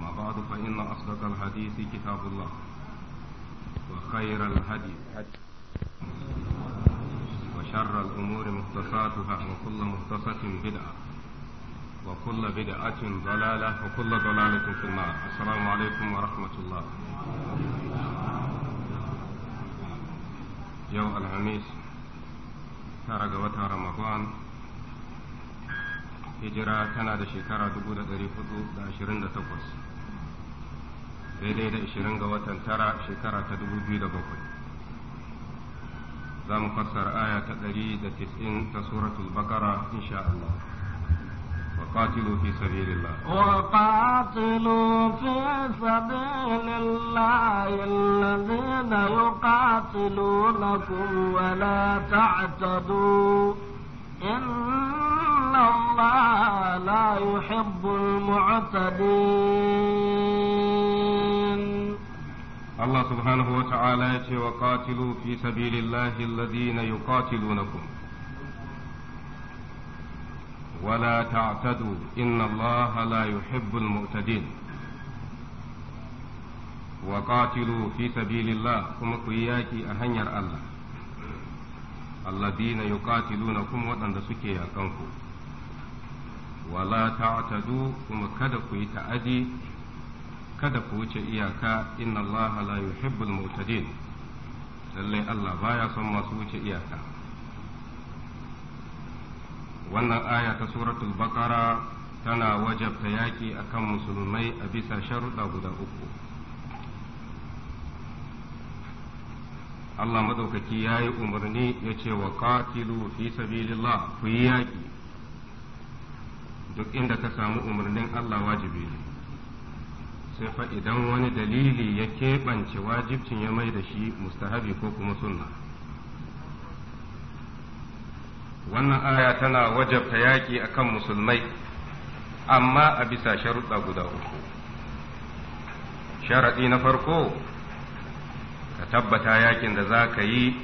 أما بعد فإن أصدق الحديث كتاب الله وخير الهدي وشر الأمور محدثاتها وكل محدثة بدعة وكل بدعة ضلالة وكل ضلالة في النار السلام عليكم ورحمة الله يوم الخميس ترى رمضان hijira tana da shekara 428 daidai da 20 ga watan tara shekara ta 2007 za mu fassara aya ta 190 ta suratul bakara insha Allah وقاتلوا في سبيل الله وقاتلوا في سبيل الله الذين يقاتلونكم ولا تعتدوا إن الله لا يحب المعتدين الله سبحانه وتعالى وقاتلوا في سبيل الله الذين يقاتلونكم ولا تعتدوا إن الله لا يحب المعتدين وقاتلوا في سبيل الله كما قياكي أهنير الله alladina kuma waɗanda suke yakanku wala ta'tadu kuma kada ku yi ta'adi kada ku wuce iyaka inna Allah la yuhibbul mu'tadin lallai Allah baya son masu wuce iyaka wannan aya ta suratul baqara tana wajabta yaki akan musulmai a bisa sharuɗa guda uku Allah madaukaki ya yi umarni ya ce wa Katilu fi sabilillah ku yi yaƙi duk inda ka samu umarnin Allah wajibi ne sai fa idan wani dalili ya keɓance wajibcin ya mai da shi mustahabi ko kuma sunna wannan aya tana wajabta yaƙi akan musulmai amma a bisa sharuɗa guda uku sharaɗi na farko ka tabbata yakin da za ka yi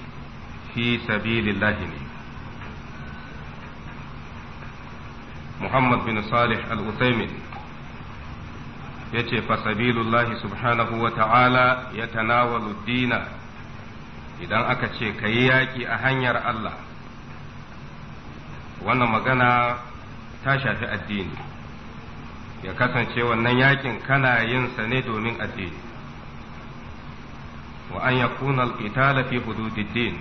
fi sabilillahi ne Muhammad bin Salih al-Uthaymin ya ce fa sabilullahi subhanahu wa ta'ala ya tanawalu dina idan aka ce ka yi yaƙi a hanyar Allah wannan magana ta shafi addini ya kasance wannan yakin kana yin sa ne domin addini wa an yakuna al-qitala fi hududiddin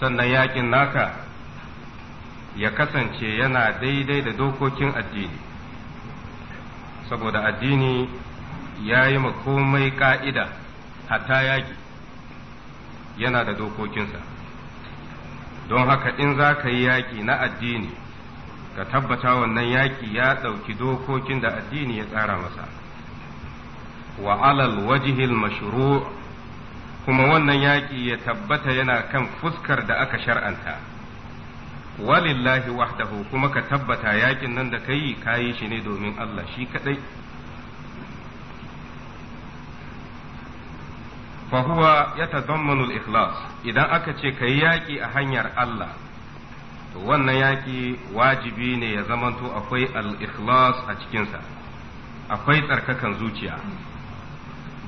sannan yakin naka ya kasance yana daidai da dokokin addini saboda addini ya yi komai ka'ida hatta yaki yana da dokokinsa don haka in za ka yi yaƙi na addini ka tabbata wannan yaki ya ɗauki dokokin da addini ya tsara masa wa alal wajihil mashru' kuma wannan yaƙi ya tabbata yana kan fuskar da aka shar'anta walillahi wahdahu kuma ka tabbata yaƙin nan da kai kayi shi ne domin Allah shi kadai fahuwa ya tazammanul ikhlas idan aka ce ka yi yaƙi a hanyar Allah to wannan yaƙi wajibi ne ya zamanto akwai al-ikhlas a cikinsa akwai tsarkakan zuciya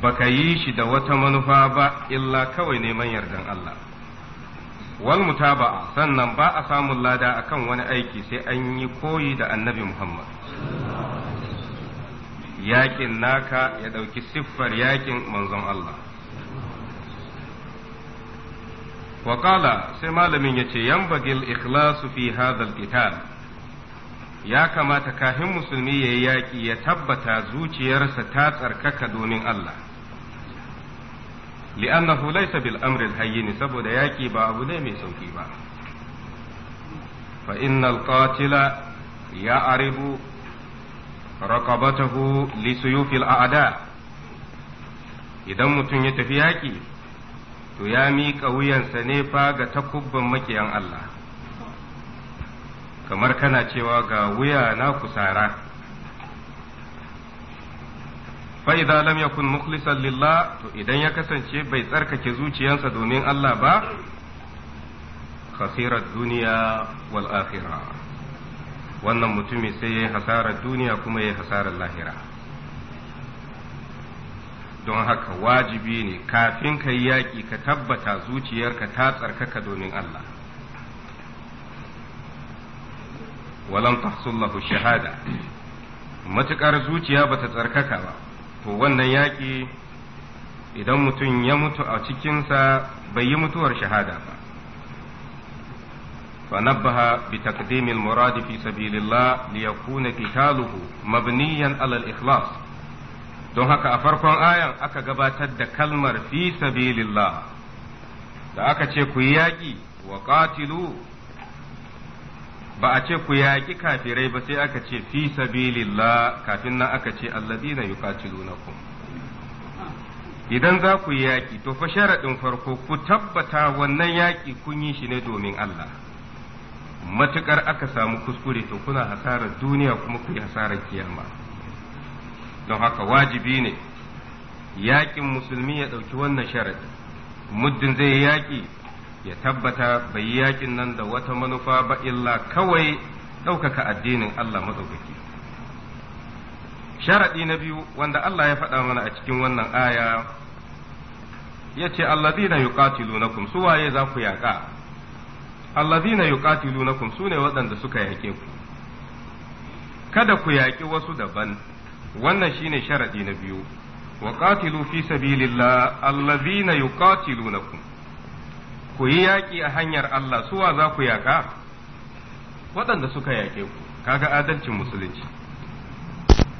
baka yi shi da wata manufa ba illa kawai neman yardan Allah wal mutaba'a sannan ba a samun lada akan wani aiki sai an yi koyi da annabi Muhammad yakin naka ya ɗauki siffar yakin manzon Allah wakala sai malamin ya ce yan bagil ikhlasu fi hadhal qital ya kamata kafin musulmi ya yi yaƙi ya tabbata zuciyarsa ta tsarkaka domin Allah li'annahu laysa bil amri al saboda yaƙi ba abu ne mai sauki ba fa innal qatila ya'ribu raqabatahu li suyufil a'da idan mutum ya tafi yaƙi, to ya miƙa wuyansa ne fa ga takubban makiyan Allah kamar kana cewa ga wuya na kusara Ba idza lam yakun mukhlisan lillah to idan ya kasance bai tsarkake zuciyarsa domin Allah ba khasirat duniya wal wannan mutumin sai yayi hasarar duniya kuma yayi hasarar lahira don haka wajibi ne kafin ka yi yaƙi ka tabbata zuciyarka ta tsarkaka domin Allah walam tahsul shahada matuƙar zuciya bata tsarkaka ba to wannan yaƙi idan mutum ya mutu a cikinsa bai yi mutuwar shahada ba فنبه بتقديم المراد في سبيل الله ليكون قتاله مبنيا على الإخلاص don haka a farkon ayan aka gabatar da kalmar fi sabilillah da aka ce ku yaƙi wa qatilu ba a ce ku yaƙi kafirai ba sai aka ce fi sabilillah kafin nan aka ce alladina yuqatilunakum idan za ku yi yaƙi to fa sharaɗin farko ku tabbata wannan yaƙi kun yi shi ne domin Allah matuƙar aka samu kuskure to kuna hasarar duniya kuma ku yi hasarar kiyama don haka wajibi ne yaƙin musulmi ya ɗauki wannan sharaɗi muddin zai yaƙi ya tabbata bai yi yakin nan da wata manufa ba illa kawai ɗaukaka addinin Allah maɗaukaki. Sharaɗi na biyu wanda Allah ya faɗa mana a cikin wannan aya ya ce allazina yuqatilunakum su waye za ku yaƙa allazina yuqatilunakum su ne waɗanda suka yaƙe ku kada ku yaƙi wasu daban wannan shine sharaɗi na biyu wa qatilu fi sabilillah allazina yuqatilunakum ku yi yaƙi a hanyar Allah suwa za ku yaƙa waɗanda suka yaƙe ku kaga adalcin musulunci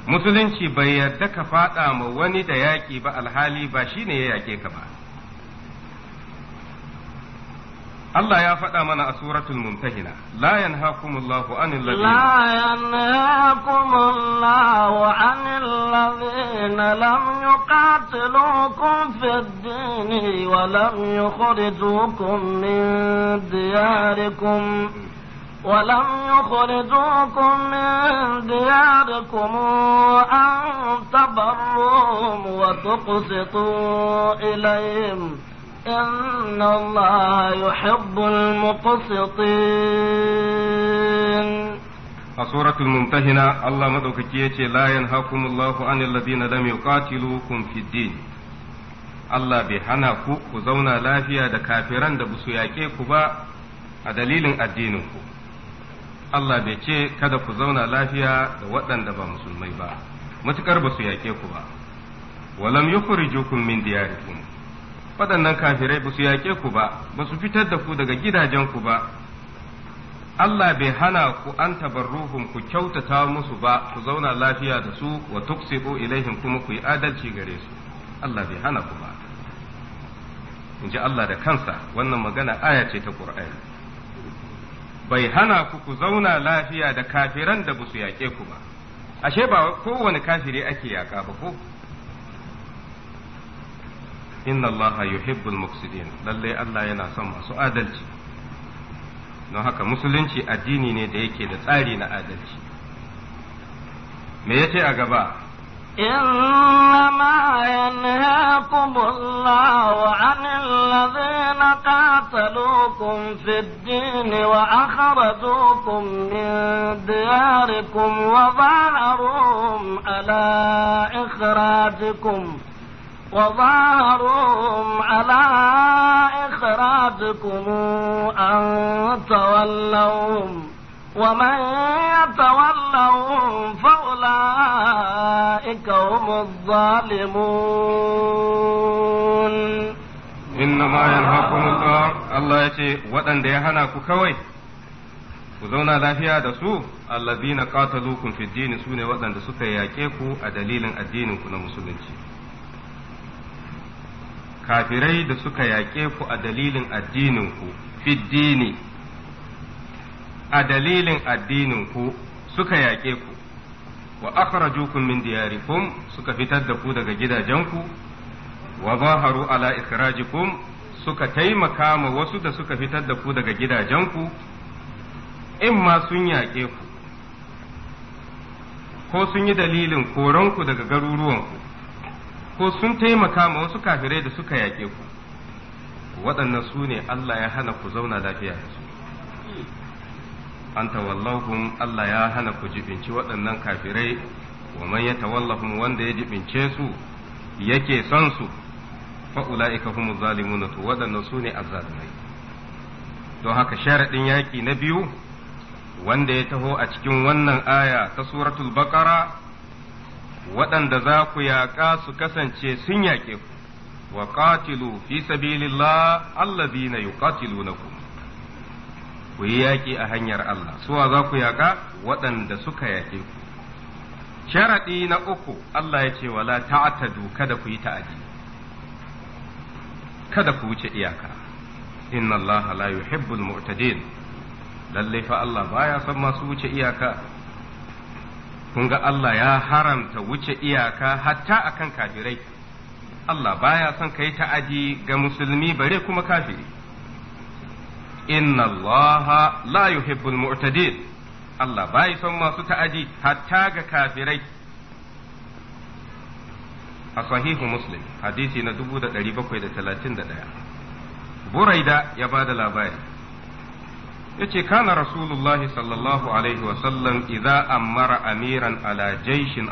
musulunci bai yarda ka faɗa ma wani da yaƙi ba alhali ba shi ne ya yaƙe ka ba الله يا فتى من أسورة المنتهنة لا ينهاكم الله عن الذين لا ينهاكم الله عن الذين لم يقاتلوكم في الدين ولم يخرجوكم من دياركم ولم يخرجوكم من دياركم أن تبروهم وتقسطوا إليهم إن الله يحب المقسطين a suratul mumtahina Allah madaukaki yace la yanhakumullahu anil ladina lam yuqatilukum fid din Allah bai hana ku ku zauna lafiya da kafiran da busu yaƙe ku ba a dalilin addinin ku Allah bai ce kada ku zauna lafiya da waɗanda ba musulmai ba matukar ba su yaƙe ku ba walam yukhrijukum min diyarikum waɗannan kafirai ba su yaƙe ku ba ba su fitar da ku daga ku ba Allah bai hana ku an tabarruhum ku kyautata musu ba ku zauna lafiya da su wa tuksibu ilaihim kuma ku yi adalci gare su Allah bai hana ku ba in ji Allah da kansa wannan magana aya ce ta Qur'ani bai hana ku ku zauna lafiya da kafiran da ba su yaƙe ku ba ashe ba kowane kafiri ake yaƙa ba ko inna allaha yuhibbul muqsidin lalle Allah yana son masu adalci don haka musulunci addini ne da yake da tsari na adalci me yace a gaba إنما ينهاكم الله عن الذين قاتلوكم في الدين وأخرجوكم من دياركم وظاهروا على إخراجكم وظاهرهم على إخراجكم أن تولوهم ومن يتولهم فأولئك هم الظالمون إنما ينهاكم الله الله يتي ودن ديهانا كوكوي ku zauna lafiya da su allazina qataluukum fid din sune waɗanda suka yaƙe ku a dalilin addininku na musulunci kafirai da suka yaƙe ku a dalilin addininku fiddini a dalilin addininku suka yaƙe ku wa akhrajukum min diyarikum suka fitar da ku daga gidajenku wa zaharu ala ikhrajikum suka taimaka ma wasu da suka fitar da ku daga gidajenku in ma sun yaƙe ku ko sun yi dalilin koronku daga garuruwanku ko sun taimaka ma wasu kafirai da suka yaƙe ku waɗannan su ne Allah ya hana ku zauna lafiya da su an tawallahum Allah ya hana ku jibinci waɗannan kafirai wa man ya tawallahun wanda ya jibince su yake son su fa ulaika humu zalimuna to waɗannan su ne azzalimai don haka sharaɗin yaƙi na biyu wanda ya taho a cikin wannan aya ta suratul baqara waɗanda za ku yaƙa su kasance sun yaƙe ku wa ƙatilu fi sabilillah allazina yuqatilunakum ku yi yaƙi a hanyar Allah suwa za ku yaƙa waɗanda suka yaƙe ku sharaɗi na uku Allah ya ce wala ta'tadu kada ku yi ta'adi kada ku wuce iyaka inna Allah la yuhibbul mu'tadin lalle fa Allah baya son masu wuce iyaka kun ga Allah ya haramta wuce iyaka hatta akan kafirai Allah baya son kai ta'adi ga musulmi bare kuma kafiri inna Allah la yuhibbul mu'tadin Allah bai son masu ta'adi hatta ga kafirai a sahihu muslim hadisi na 1731 buraida ya bada labari yace kana rasulullahi sallallahu alaihi wa sallam idza amara amiran ala jaishin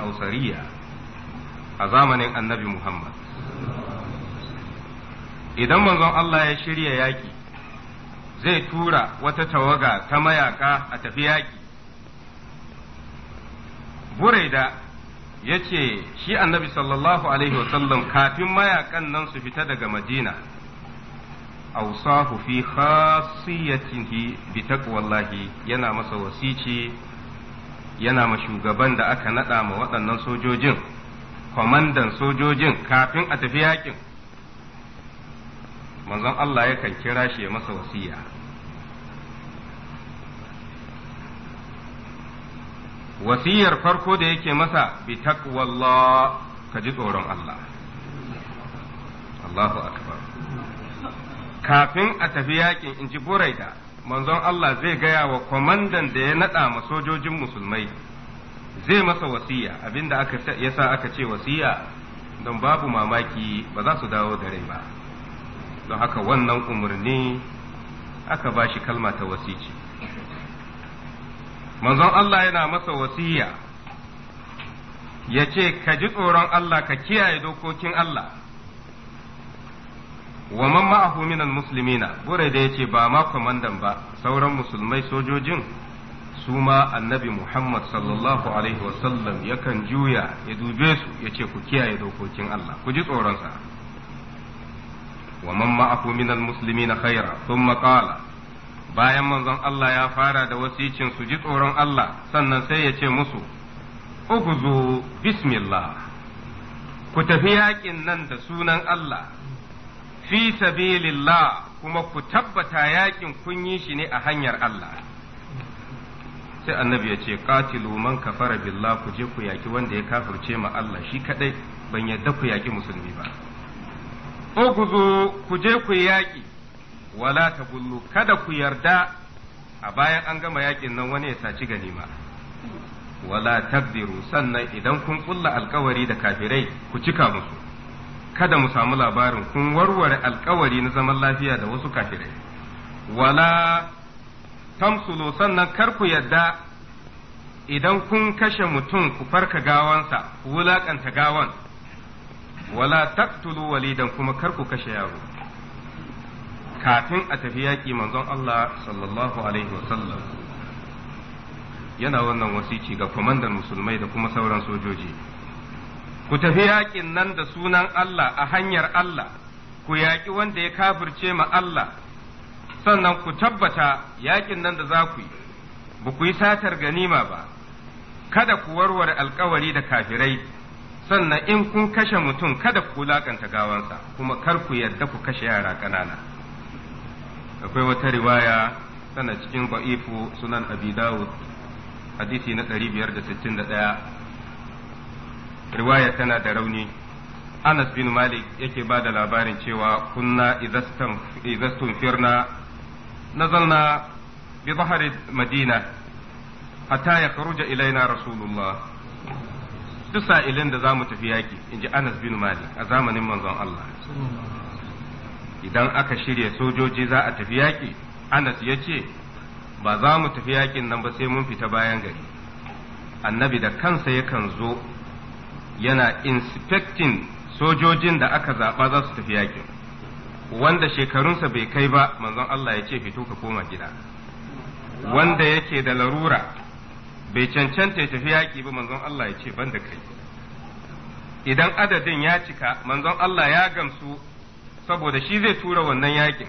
a zamanin annabi Muhammad idan manzon Allah ya shirya yaki zai tura wata tawaga ta mayaka a tafi yaki buraida yace shi annabi sallallahu alaihi wa sallam kafin mayakan nan su fita daga madina awsahu fi khassiyatihi bi taqwallahi yana masa wasici yana ma shugaban da aka naɗa ma waɗannan sojojin kwamandan sojojin kafin a tafi yakin manzon Allah yakan kira shi ya masa wasiya wasiyar farko da yake masa bi taqwallah ka ji tsoron Allah kafin a tafi yakin in ji buraida manzon Allah zai gaya wa kwamandan da ya naɗa ma sojojin musulmai zai masa wasiya abinda aka yasa aka ce wasiya don babu mamaki ba za su dawo da rai ba don haka wannan umarni aka ba shi kalma ta wasici manzon Allah yana masa wasiya ya ce ka ji tsoron Allah ka kiyaye dokokin Allah wa man ma'ahu minal muslimina bure da yace ba ma kwamandan ba sauran musulmai sojojin su ma annabi Muhammad sallallahu alaihi wasallam yakan juya ya dube su yace ku kiyaye dokokin Allah ku ji tsoronsa wa man ma'ahu minal muslimina khaira thumma qala bayan manzon Allah ya fara da wasicin su ji tsoron Allah sannan sai ya ce musu uguzu bismillah ku tafi yaƙin nan da sunan Allah fi sabilillah kuma ku tabbata yakin kun yi shi ne a hanyar Allah sai annabi ya ce qatilu man kafara billah ku je ku yaki wanda ya kafirce ma Allah shi kadai ban yarda ku yaki musulmi ba uguzu ku je ku yaki wala tabullu kada ku yarda a bayan an gama yakin nan wani ya saci ganima wala takdiru sannan idan kun kulla alkawari da kafirai ku cika musu kada mu samu labarin kun warware alkawari na zaman lafiya da wasu kafirai wala tamsulo sannan kar ku yadda idan kun kashe mutum ku farka gawansa ku wulakanta gawan wala taqtulu walidan kuma kar ku kashe yaro kafin a tafi yaƙi manzon Allah sallallahu alaihi wasallam yana wannan wasici ga kwamandan musulmai da kuma sauran sojoji ku tafi yaƙin nan da sunan Allah a hanyar Allah ku yaƙi wanda ya kafirce ma Allah sannan ku tabbata yaƙin nan da za ku yi ba ku yi satar ganima ba kada ku warware alkawari da kafirai sannan in kun kashe mutum kada ku laƙanta gawansa kuma kar ku yarda ku kashe yara ƙanana akwai wata riwaya tana cikin ba'ifu sunan abi dawud hadisi na 561 riwaya tana da rauni Anas bin Malik yake ba da labarin cewa kunna izastun firna nazalna bi zahari madina hatta ya karuja ilaina rasulullah duk sa'ilin da za mu tafi yaki in ji Anas bin Malik a zamanin manzon Allah idan aka shirya sojoji za a tafi yaki Anas ya ce ba za mu tafi yakin nan ba sai mun fita bayan gari annabi da kansa yakan zo yana inspecting sojojin da aka zaɓa za su tafi yakin wanda shekarunsa bai kai ba manzon Allah ya ce fito ka koma gida wanda yake da larura bai cancanta ya tafi yaƙi ba manzon Allah ya ce ban da kai idan adadin ya cika manzon Allah ya gamsu saboda shi zai tura wannan yakin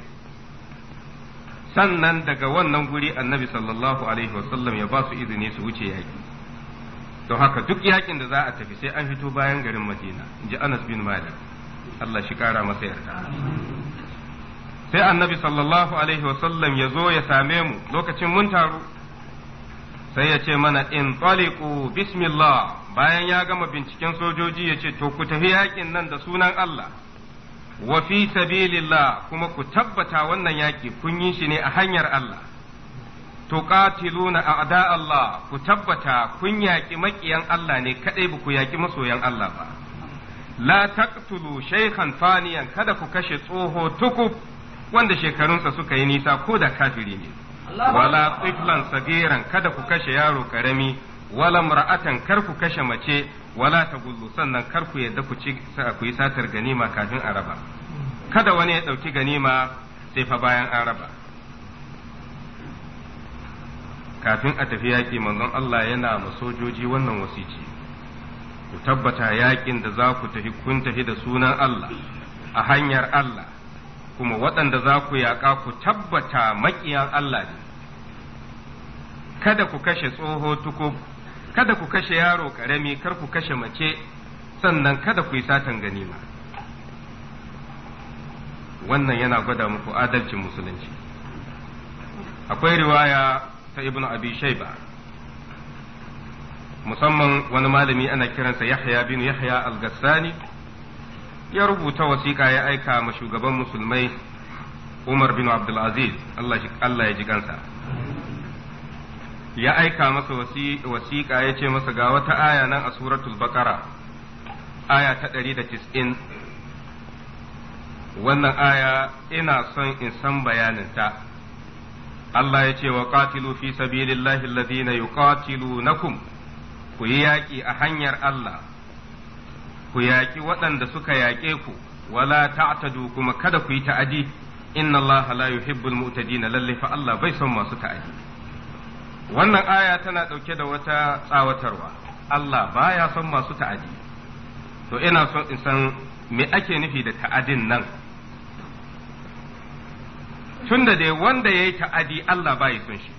sannan daga wannan guri annabi sallallahu alaihi wasallam ya ba su izini su wuce yaƙi don haka duk yakin da za a tafi sai an fito bayan garin madina in ji anas bin malik allah shi kara masa yarda sai annabi sallallahu alaihi wasallam ya zo ya same mu lokacin mun taru sai ya ce mana in taliku bismillah bayan ya gama binciken sojoji ya ce to ku tafi yakin nan da sunan allah wa fi sabilillah kuma ku tabbata wannan yaki kun yi shi ne a hanyar allah To tuqatiluna a'da Allah ku tabbata kun yaƙi maƙiyan Allah ne kadai ba ku yaƙi masoyan Allah ba la taqtulu shaykhan faniyan kada ku kashe tsoho tuku wanda shekarunsa suka yi nisa ko da kafiri ne wala tiflan sagiran kada ku kashe yaro karami wala mar'atan kar ku kashe mace wala ta gullu sannan kar ku yadda ku ci ku yi satar ganima kafin araba kada wani ya dauki ganima sai fa bayan araba kafin a tafi yaƙi manzon Allah yana ma sojoji wannan wasici ku tabbata yaƙin da za ku tafi kun tafi da sunan Allah a hanyar Allah kuma waɗanda za ku yaƙa ku tabbata maƙiyan Allah ne kada ku kashe tsoho tuko kada ku kashe yaro ƙarami kar ku kashe mace sannan kada ku yi satan ganima wannan yana gwada muku adalcin musulunci akwai riwaya ta ibn abi shayba musamman wani malami ana kiransa yahya bin yahya al-gassani ya rubuta wasiƙa ya aika ma shugaban musulmai umar bin abdulaziz allah ya ji gansa ya aika masa wasiƙa ya ce masa ga wata aya nan a suratul baqara aya ta ɗari da tis'in wannan aya ina son in san bayaninta Allah ya ce wa qatilu fi sabilillahi alladhina yuqatilunakum ku yi yaƙi a hanyar Allah ku yaƙi waɗanda suka yaƙe ku wala ta'tadu kuma kada ku yi ta'adi inna Allah la yuhibbul mutadina lalle fa Allah bai son masu ta'adi wannan aya tana ɗauke da wata tsawatarwa Allah baya son masu ta'adi to ina son in san me ake nufi da ta'adin nan tunda dai wanda ya yi ta'adi Allah ya son shi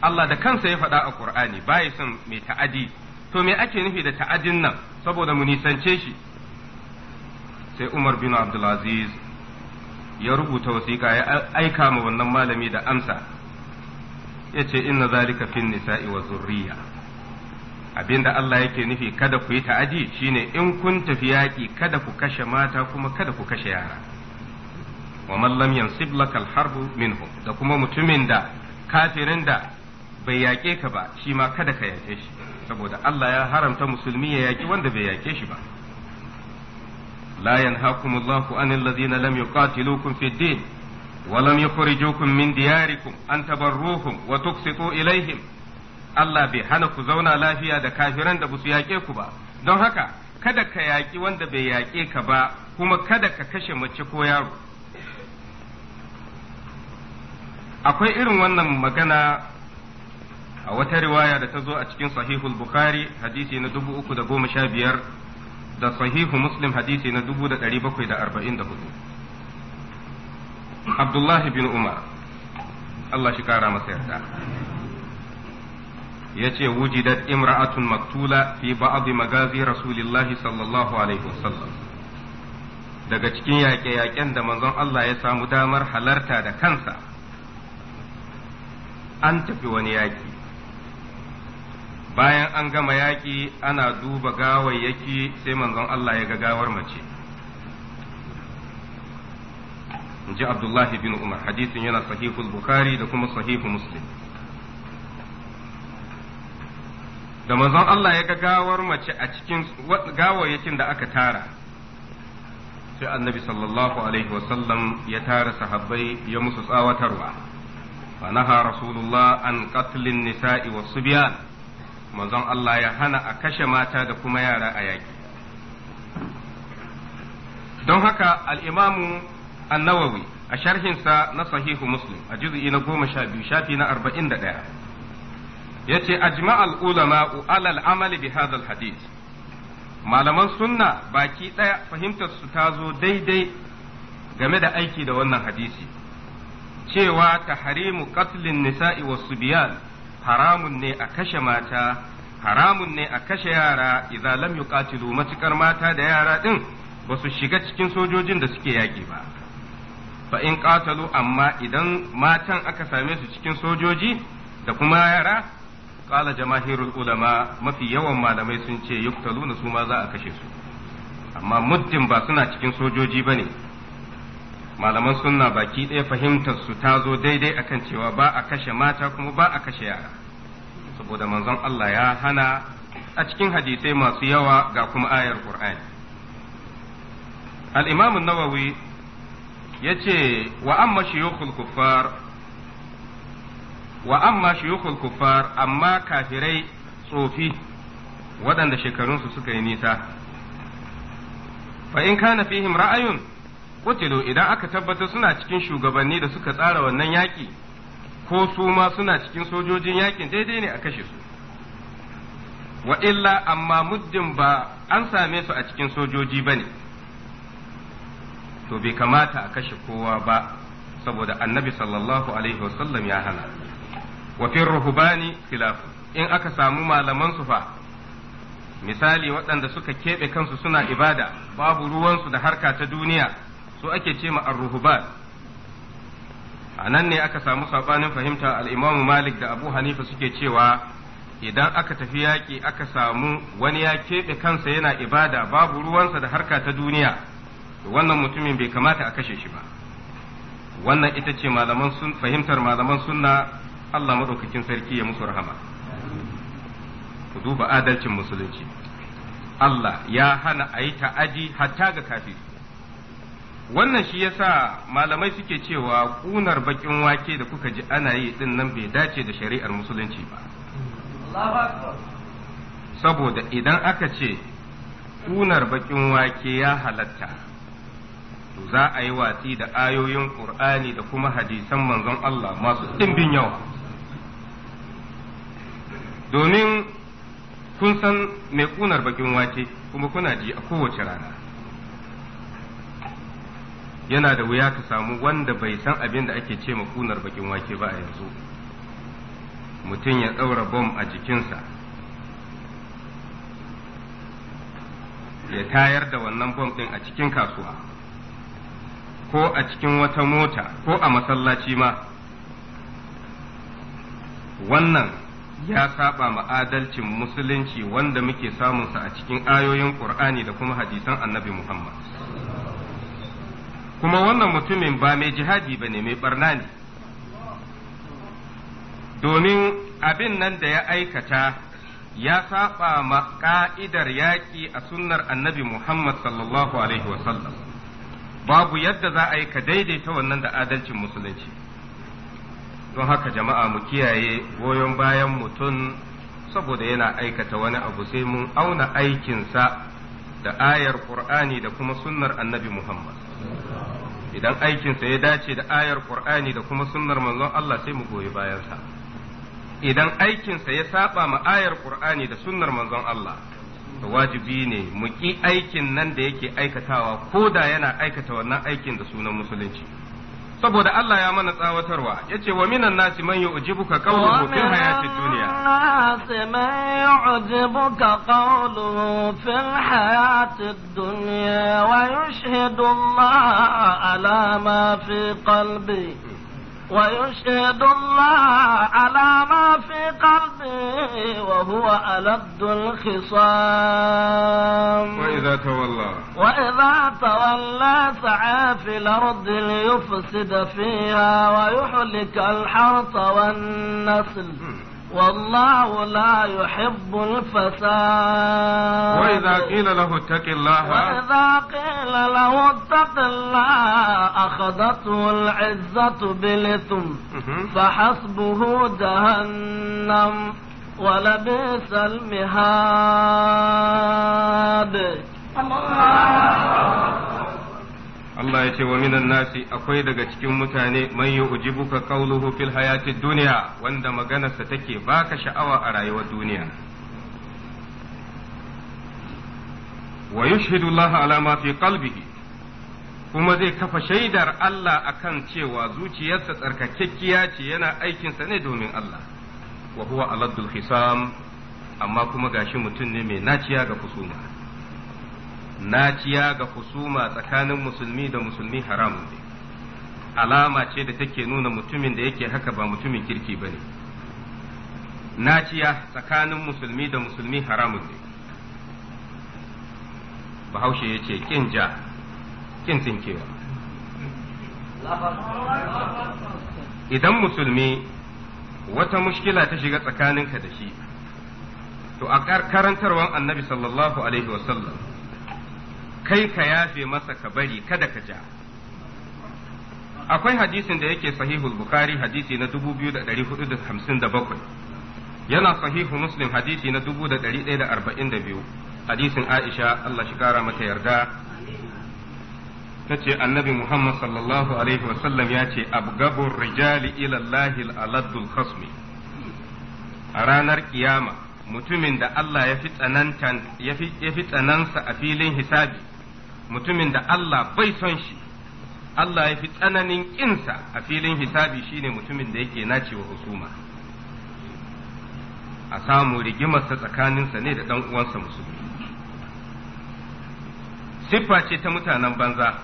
Allah da kansa ya faɗa a Qur'ani bai son mai ta'adi to me ake nufi da ta'adin nan saboda mu nisance shi sai Umar bin Abdulaziz ya rubuta wasiƙa ya aika ma wannan malami da amsa ya ce inna zalika fin nisa'i wa zurriya abinda Allah yake nufi kada ku yi ta'adi shine in kun tafi yaƙi kada ku kashe mata kuma kada ku kashe yara wa man lam yansib laka al da kuma mutumin da kafirin da bai yaƙe ka ba shi ma kada ka yaƙe shi saboda Allah ya haramta musulmi ya yaƙi wanda bai yaƙe shi ba la yanhaakum Allahu anil ladina lam yuqatilukum fid din wa lam yukhrijukum min diyarikum an tabarruhum wa ilaihim Allah bai hana ku zauna lafiya da kafiran da basu yaƙe ku ba don haka kada ka yaƙi wanda bai yaƙe ka ba kuma kada ka kashe mace ko yaro akwai irin wannan magana a wata riwaya da ta zo a cikin sahihul bukhari hadisi na dubu uku da goma sha biyar da sahihu muslim hadisi na dubu da ɗari bakwai da arba'in da hudu abdullahi bin umar allah shi kara masa yarda ya ce wujidat imra'atun maktula fi ba'd magazi rasulillahi sallallahu alaihi wasallam daga cikin yaƙe-yaƙen da manzon Allah ya samu damar halarta da kansa an tafi wani yaƙi bayan an gama yaƙi ana duba gawayyaki sai manzon Allah ya ga gawar mace ji Abdullahi bin Umar hadisin yana sahihul Bukhari da kuma sahihu Muslim da manzon Allah ya ga gawar mace a cikin gawayyakin da aka tara sai annabi sallallahu alaihi wasallam ya tara sahabbai ya musu tsawatarwa فنهى رسول الله عن قتل النساء والصبيان manzon Allah ya hana a kashe mata da kuma yara a yaƙi don haka al'imamu annawawi a sharhinsa na sahihu muslim a juz'i na goma sha biyu shafi na arba'in da ɗaya ya ce a jima'al ulama'u alal amali bi hadal hadith malaman sunna baki ɗaya fahimtar su ta zo daidai game da aiki da wannan hadisi cewa tahrimu qatlin nisa'i was subyan haramun ne a kashe mata haramun ne a kashe yara idza lam yuqatilu matukar mata da yara din ba su shiga cikin sojojin da suke yaki ba fa in qatalu amma idan matan aka same su cikin sojoji da kuma yara qala jamahirul ulama mafi yawan malamai sun ce yuqtaluna su ma za a kashe su amma muddin ba suna cikin sojoji bane malaman sunna baki ɗaya fahimtar su ta zo daidai akan cewa ba a kashe mata kuma ba a kashe yara saboda manzon Allah ya hana a cikin hadisai masu yawa ga kuma ayar Qur'ani al-Imam an-Nawawi yace wa amma shuyukhul kuffar wa amma shuyukhul kuffar amma kafirai tsofi waɗanda shekarunsu suka yi nisa fa in kana fihim ra'ayun kutilu idan aka tabbatar suna cikin shugabanni da suka tsara wannan yaƙi ko su ma suna cikin sojojin yaƙin daidai ne a kashe su wa illa amma muddin ba an same su a cikin sojoji ba ne to bai kamata a kashe kowa ba saboda annabi sallallahu alaihi wasallam ya hana wa fi ruhubani khilafu in aka samu malaman su fa misali waɗanda suka keɓe kansu suna ibada babu ruwansu da harka ta duniya su ake ce ma ar-ruhban a nan ne aka samu sabanin fahimta al-Imam Malik da Abu Hanifa suke cewa idan aka tafi yaƙi aka samu wani ya keɓe kansa yana ibada babu ruwansa da harka ta duniya wannan mutumin bai kamata a kashe shi ba wannan ita ce malaman sun fahimtar malaman sunna Allah madaukakin sarki ya musu rahama ku duba adalcin musulunci Allah ya hana a yi ta'aji hatta ga kafiri wannan shi yasa malamai suke cewa kunar bakin wake da kuka ji ana yi din nan bai dace da shari'ar musulunci ba saboda idan aka ce kunar bakin wake ya halatta to za a yi watsi da ayoyin qur'ani da kuma hadisan manzon Allah masu ɗimbin yawa domin kun san mai kunar bakin wake kuma kuna ji a kowace rana yana da wuya ka samu wanda bai san abin da ake ce makunar bakin wake ba a yanzu mutum ya tsaura bom a jikinsa ya tayar da wannan bom ɗin a cikin kasuwa ko a cikin wata mota ko a masallaci ma wannan ya saba ma'adalcin musulunci wanda muke samunsa a cikin ayoyin ƙur'ani da kuma hadisan annabi muhammad kuma wannan mutumin ba mai jihadi ba ne mai barna ne domin abin nan da ya aikata ya saba ma ka'idar yaƙi a sunnar annabi Muhammad sallallahu alaihi wasallam babu yadda za a yi ka daidaita wannan da adalcin musulunci don haka jama'a mu kiyaye goyon bayan mutum saboda yana aikata wani abu sai mun auna aikinsa da ayar Qur'ani da kuma sunnar annabi Muhammad idan aikinsa ya dace da ayar Qur'ani da kuma sunnar manzon Allah sai mu goyi bayansa idan aikinsa ya saba ma ayar Qur'ani da sunnar manzon Allah wajibi ne mu ki aikin nan da yake aikatawa ko da yana aikata wannan aikin da sunan musulunci saboda Allah ya mana tsawatarwa yace wa minan nasi man yu'jibuka qawluhu fil hayati dunya nasi man yu'jibuka qawluhu fil hayati dunya wa yashhadu Allah ala ma fi qalbihi ويشهد الله على ما في قلبه وهو ألد الخصام وإذا تولى وإذا تولى سعى في الأرض ليفسد فيها ويحلك الحرث والنسل والله لا يحب الفساد وإذا قيل له اتق الله وإذا قيل له اتق الله أخذته العزة بالإثم فحسبه جهنم ولبئس المهاد الله Allah ya ce wa minan nasi akwai daga cikin mutane man ka kauluhu fil hayatid duniya wanda maganarsa take baka sha'awa a rayuwar duniya wa yushhidu Allah ala ma fi qalbihi kuma zai kafa shaidar Allah akan cewa zuciyarsa tsarkakekkiya ce yana aikinsa ne domin Allah wa huwa aladul hisam amma kuma gashi mutum ne mai naciya ga kusuma naciya ga husuma tsakanin musulmi da musulmi haramun ne alama ce da take nuna mutumin da yake haka ba mutumin kirki ba ne naciya tsakanin musulmi da musulmi haramun ne bahaushe ya ce kin ja kin tsinkewa idan musulmi wata mushkila ta shiga tsakaninka da shi to a karantarwan annabi sallallahu alaihi wasallam kai ka yafe masa ka bari kada ka ja akwai hadisin da yake sahihul bukhari hadisi na 2457 yana sahihu muslim hadisi na 1142 hadisin aisha Allah shi kara mata yarda ta ce annabi muhammad sallallahu alaihi wasallam ya ce abgabur rijali ila Allahil aladdul khasmi a ranar kiyama mutumin da Allah ya fi tsanansa a filin hisabi mutumin da Allah bai son shi Allah ya fi tsananin ƙinsa a filin hisabi shine mutumin da yake nacewa husuma a samu rigimarsa tsakaninsa ne da ɗan uwansa musulmi siffa ce ta mutanen banza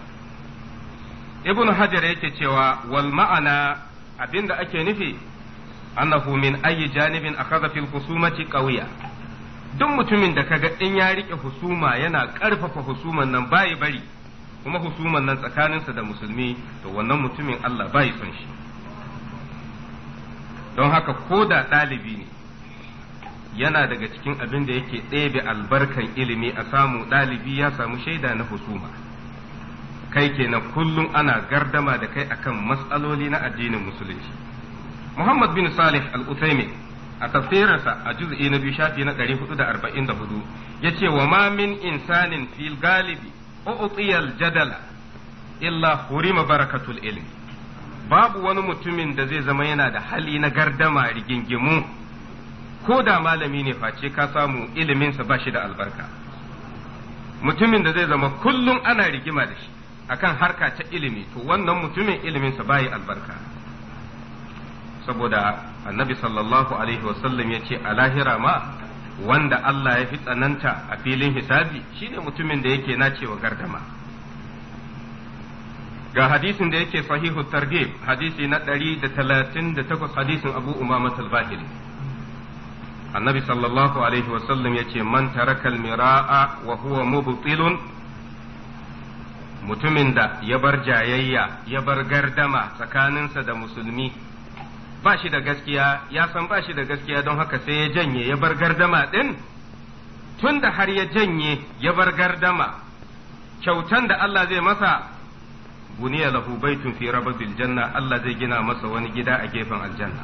ibn hajar yake cewa wal ma'ana abinda ake nufi annahu min ayi janibin akhadha fil husumati qawiya duk mutumin da kaga in ya rike husuma yana karfafa husuman nan bai bari kuma husuman nan tsakaninsa da musulmi to wannan mutumin Allah bai son shi don haka ko da ɗalibi ne yana daga cikin abin da yake ɗebe albarkan ilimi a samu ɗalibi ya samu shaida na husuma kai kenan kullum ana gardama da kai akan matsaloli na addinin musulunci muhammad bin salih al uthaymeen a tafsirinsa a juz'i na biyu shafi na 444 yace wa ma min insanin fil galibi u'tiyal jadala illa hurima barakatul ilmi babu wani mutumin da zai zama yana da hali na gardama rigingimu ko da malami ne face ka samu iliminsa ba shi da albarka mutumin da zai zama kullum ana rigima da shi akan harka ta ilimi to wannan mutumin iliminsa ba yi albarka saboda annabi sallallahu alaihi wasallam ya ce a lahira ma wanda Allah ya fi tsananta a filin hisabi shine mutumin da yake nacewa gardama ga hadisin da yake sahihu targhib hadisi na 138 hadisin Abu Umama al-Bahili annabi sallallahu alaihi wasallam ya ce man taraka al-mira'a wa huwa mubtilun mutumin da ya bar jayayya ya bar gardama tsakaninsa da musulmi ba shi da gaskiya ya san ba shi da gaskiya don haka sai ya janye ya bar gardama ɗin tun da har ya janye ya bar gardama kyautan da Allah zai masa buniya lahu baitun fi rabbil janna Allah zai gina masa wani gida a gefen aljanna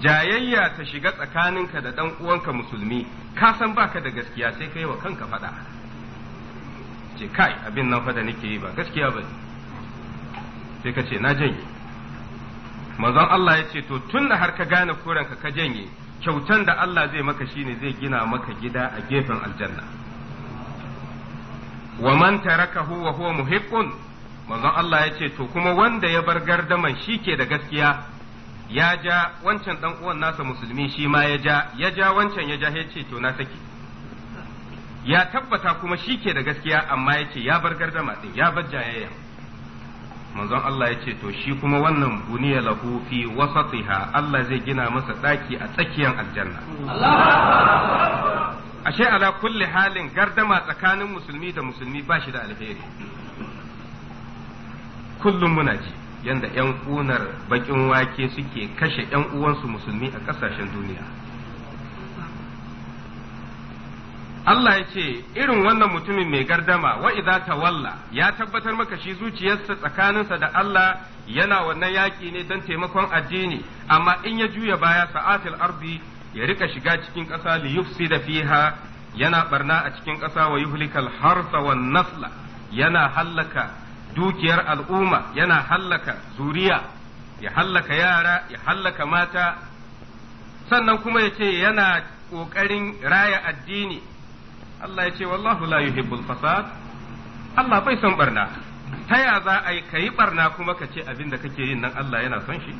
jayayya ta shiga tsakaninka da ɗan'uwanka uwanka musulmi ka san baka da gaskiya sai kai wa kanka faɗa ce kai abin nan fa nake yi ba gaskiya ba sai ka na janye manzon Allah ya ce to tun da har ka gane koren ka ka janye kyautan da Allah zai maka shine zai gina maka gida a gefen aljanna wa man tarakahu wa huwa muhiqqun manzon Allah ya ce to kuma wanda ya bar gardaman shi ke da gaskiya ya ja wancan dan uwan nasa musulmi shi ma ya ja ya ja wancan ya ja ya ce to na saki ya tabbata kuma shi ke da gaskiya amma ya ce ya bar gardama din ya bar jayayya manzon Allah ya ce to shi kuma wannan buniya lahu fi wasatiha Allah zai gina masa daki a tsakiyar aljanna ashe ala kulli halin gardama tsakanin musulmi da musulmi ba shi da alheri kullum muna ji yanda yan kunar bakin wake suke kashe yan uwansu musulmi a kasashen duniya Allah ya ce irin wannan mutumin mai gardama wa idza tawalla ya tabbatar maka shi zuciyarsa tsakaninsa da Allah yana wannan yaƙi ne don taimakon addini amma in ya juya baya sa'atil ardi ya rika shiga cikin ƙasa li yufsida fiha yana barna a cikin ƙasa wa yuhlikal harsa wan nasla yana hallaka dukiyar al'umma yana hallaka zuriya ya hallaka yara ya hallaka mata sannan kuma ya ce yana ƙoƙarin raya addini Allah ya ce wallahu la yuhibbul fasad Allah bai son barna ta ya za a yi kayi barna kuma ka ce abin da kake yin nan Allah yana son shi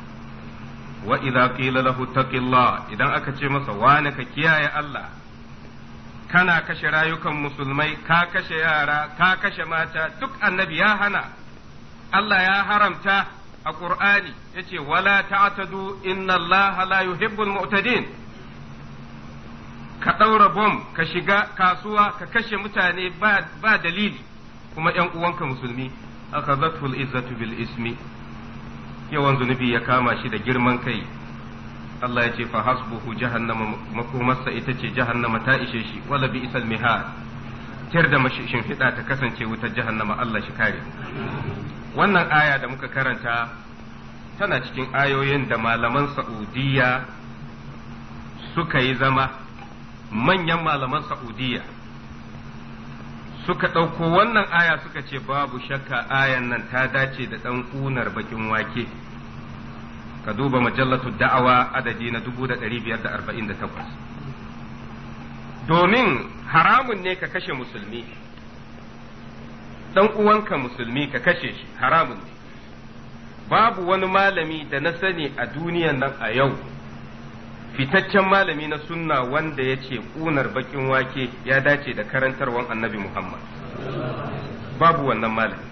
wa idza qila lahu taqillah idan aka ce masa wani ka kiyaye Allah kana kashe rayukan musulmai ka kashe yara ka kashe mata duk annabi ya hana Allah ya haramta a Qur'ani yace wala ta'tadu inna Allah la yuhibbul mu'tadin ka ɗaura bom ka shiga kasuwa ka kashe mutane ba dalili kuma ‘yan uwanka musulmi aka zatul izzatu bil ismi yawan zunubi ya kama shi da girman kai Allah ya ce fa hasbuhu jahannama makomarsa ita ce jahannama ta ishe shi wala bi isal mihad tir da mashin fida ta kasance wutar jahannama Allah shi kare wannan aya da muka karanta tana cikin ayoyin da malaman Saudiya suka yi zama manyan malaman Saudiyya suka ɗauko wannan aya suka ce babu shakka ayan nan ta dace da ɗan ƙunar bakin wake ka duba majallatu da'awa adadi na 1548 domin haramun ne ka kashe musulmi ɗan uwanka musulmi ka kashe shi haramun ne babu wani malami da na sani a duniyan nan a yau fitaccen malami na sunna wanda ya ce ƙunar baƙin wake ya dace da karantarwan annabi Muhammad. Babu wannan malami.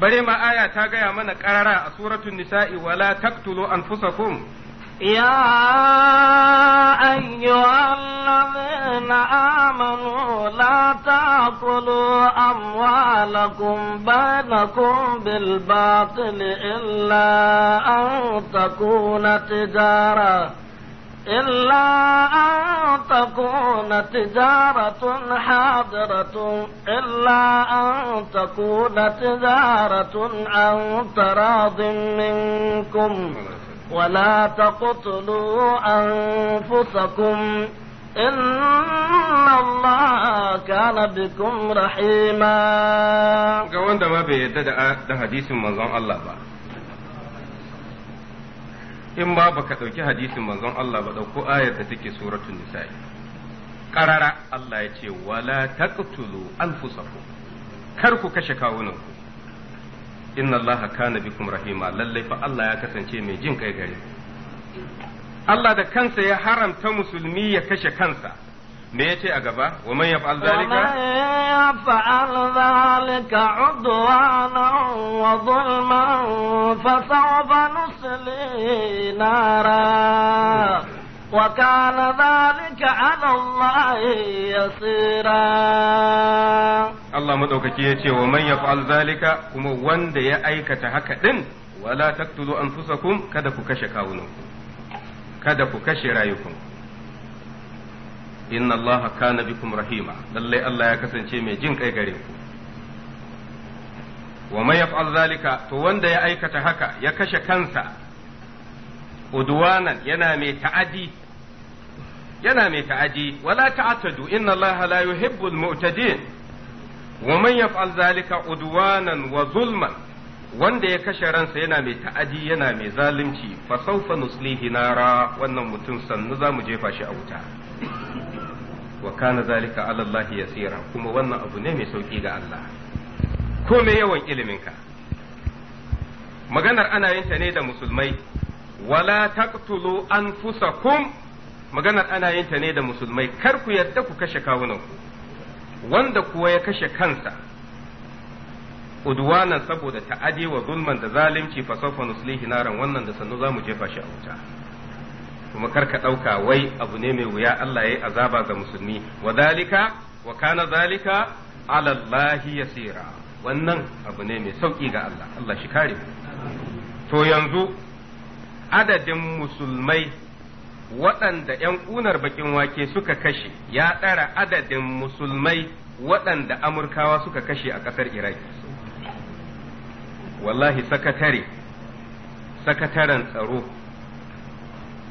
Bare ma aya ta gaya mana ƙarara a suratun nisa'i wala taktulu anfusakum يا أيها الذين آمنوا لا تأكلوا أموالكم بينكم بالباطل إلا أن تكون tijara. إلا أن تكون تجارة حاضرة إلا أن تكون تجارة عن تراض منكم ولا تقتلوا أنفسكم إن الله كان بكم رحيما. ga wanda ma bai yadda da hadisin manzon Allah ba in ma baka ɗauki hadisin manzon Allah ba ɗauko ayar da take suratul nisa'i qarara Allah ya ce wala taqtulu anfusakum kar ku kashe kawunanku inna Allah kana bikum rahima lallai fa Allah ya kasance mai jin kai gare Allah da kansa ya haramta musulmi ya kashe kansa me yace a gaba wa man yaf'al zalika wa man zalika udwanan wa zulman fa sawfa nusli nara وكان ذلك على الله يسيرا الله ya ce wa man yaf'al zalika kuma wanda ya aikata haka din wala taqtulu anfusakum kada ku kashe kawunanku kada ku kashe rayukanku inna Allah kana bikum rahima lallai Allah ya kasance mai jin kai gare ku wa may yaf'al zalika to wanda ya aikata haka ya kashe kansa udwanan yana mai ta'adi yana mai ta'adi wala ta'tadu inna Allah la yuhibbul mu'tadin wa man yaf'al zalika udwanan wa zulman wanda ya kashe ransa yana mai ta'adi yana mai zalunci fa sawfa nuslihi nara wannan mutum sannu zamu jefa shi a wuta wa kana zalika ala Allah yasira kuma wannan abu ne mai sauki ga Allah ko me yawan iliminka maganar ana yin ta ne da musulmai wala taqtulu anfusakum maganar ana yin ta ne da musulmai kar ku yadda ku kashe kawunanku wanda kuwa ya kashe kansa udwanan saboda ta'adi wa zulman da zalunci fa sawfa nuslihi naran wannan da sannu zamu jefa shi a wuta kuma karka ɗauka wai abu ne mai wuya Allah ya yi azaba ga musulmi wa dalika wa kana dalika ala yasira wannan abu ne mai sauki ga Allah Allah shi kare to yanzu adadin musulmai waɗanda ‘yan ƙunar bakin wake suka kashe ya ɗara adadin musulmai waɗanda Amurkawa suka kashe a ƙasar Iraki. Wallahi sakatare, sakataren tsaro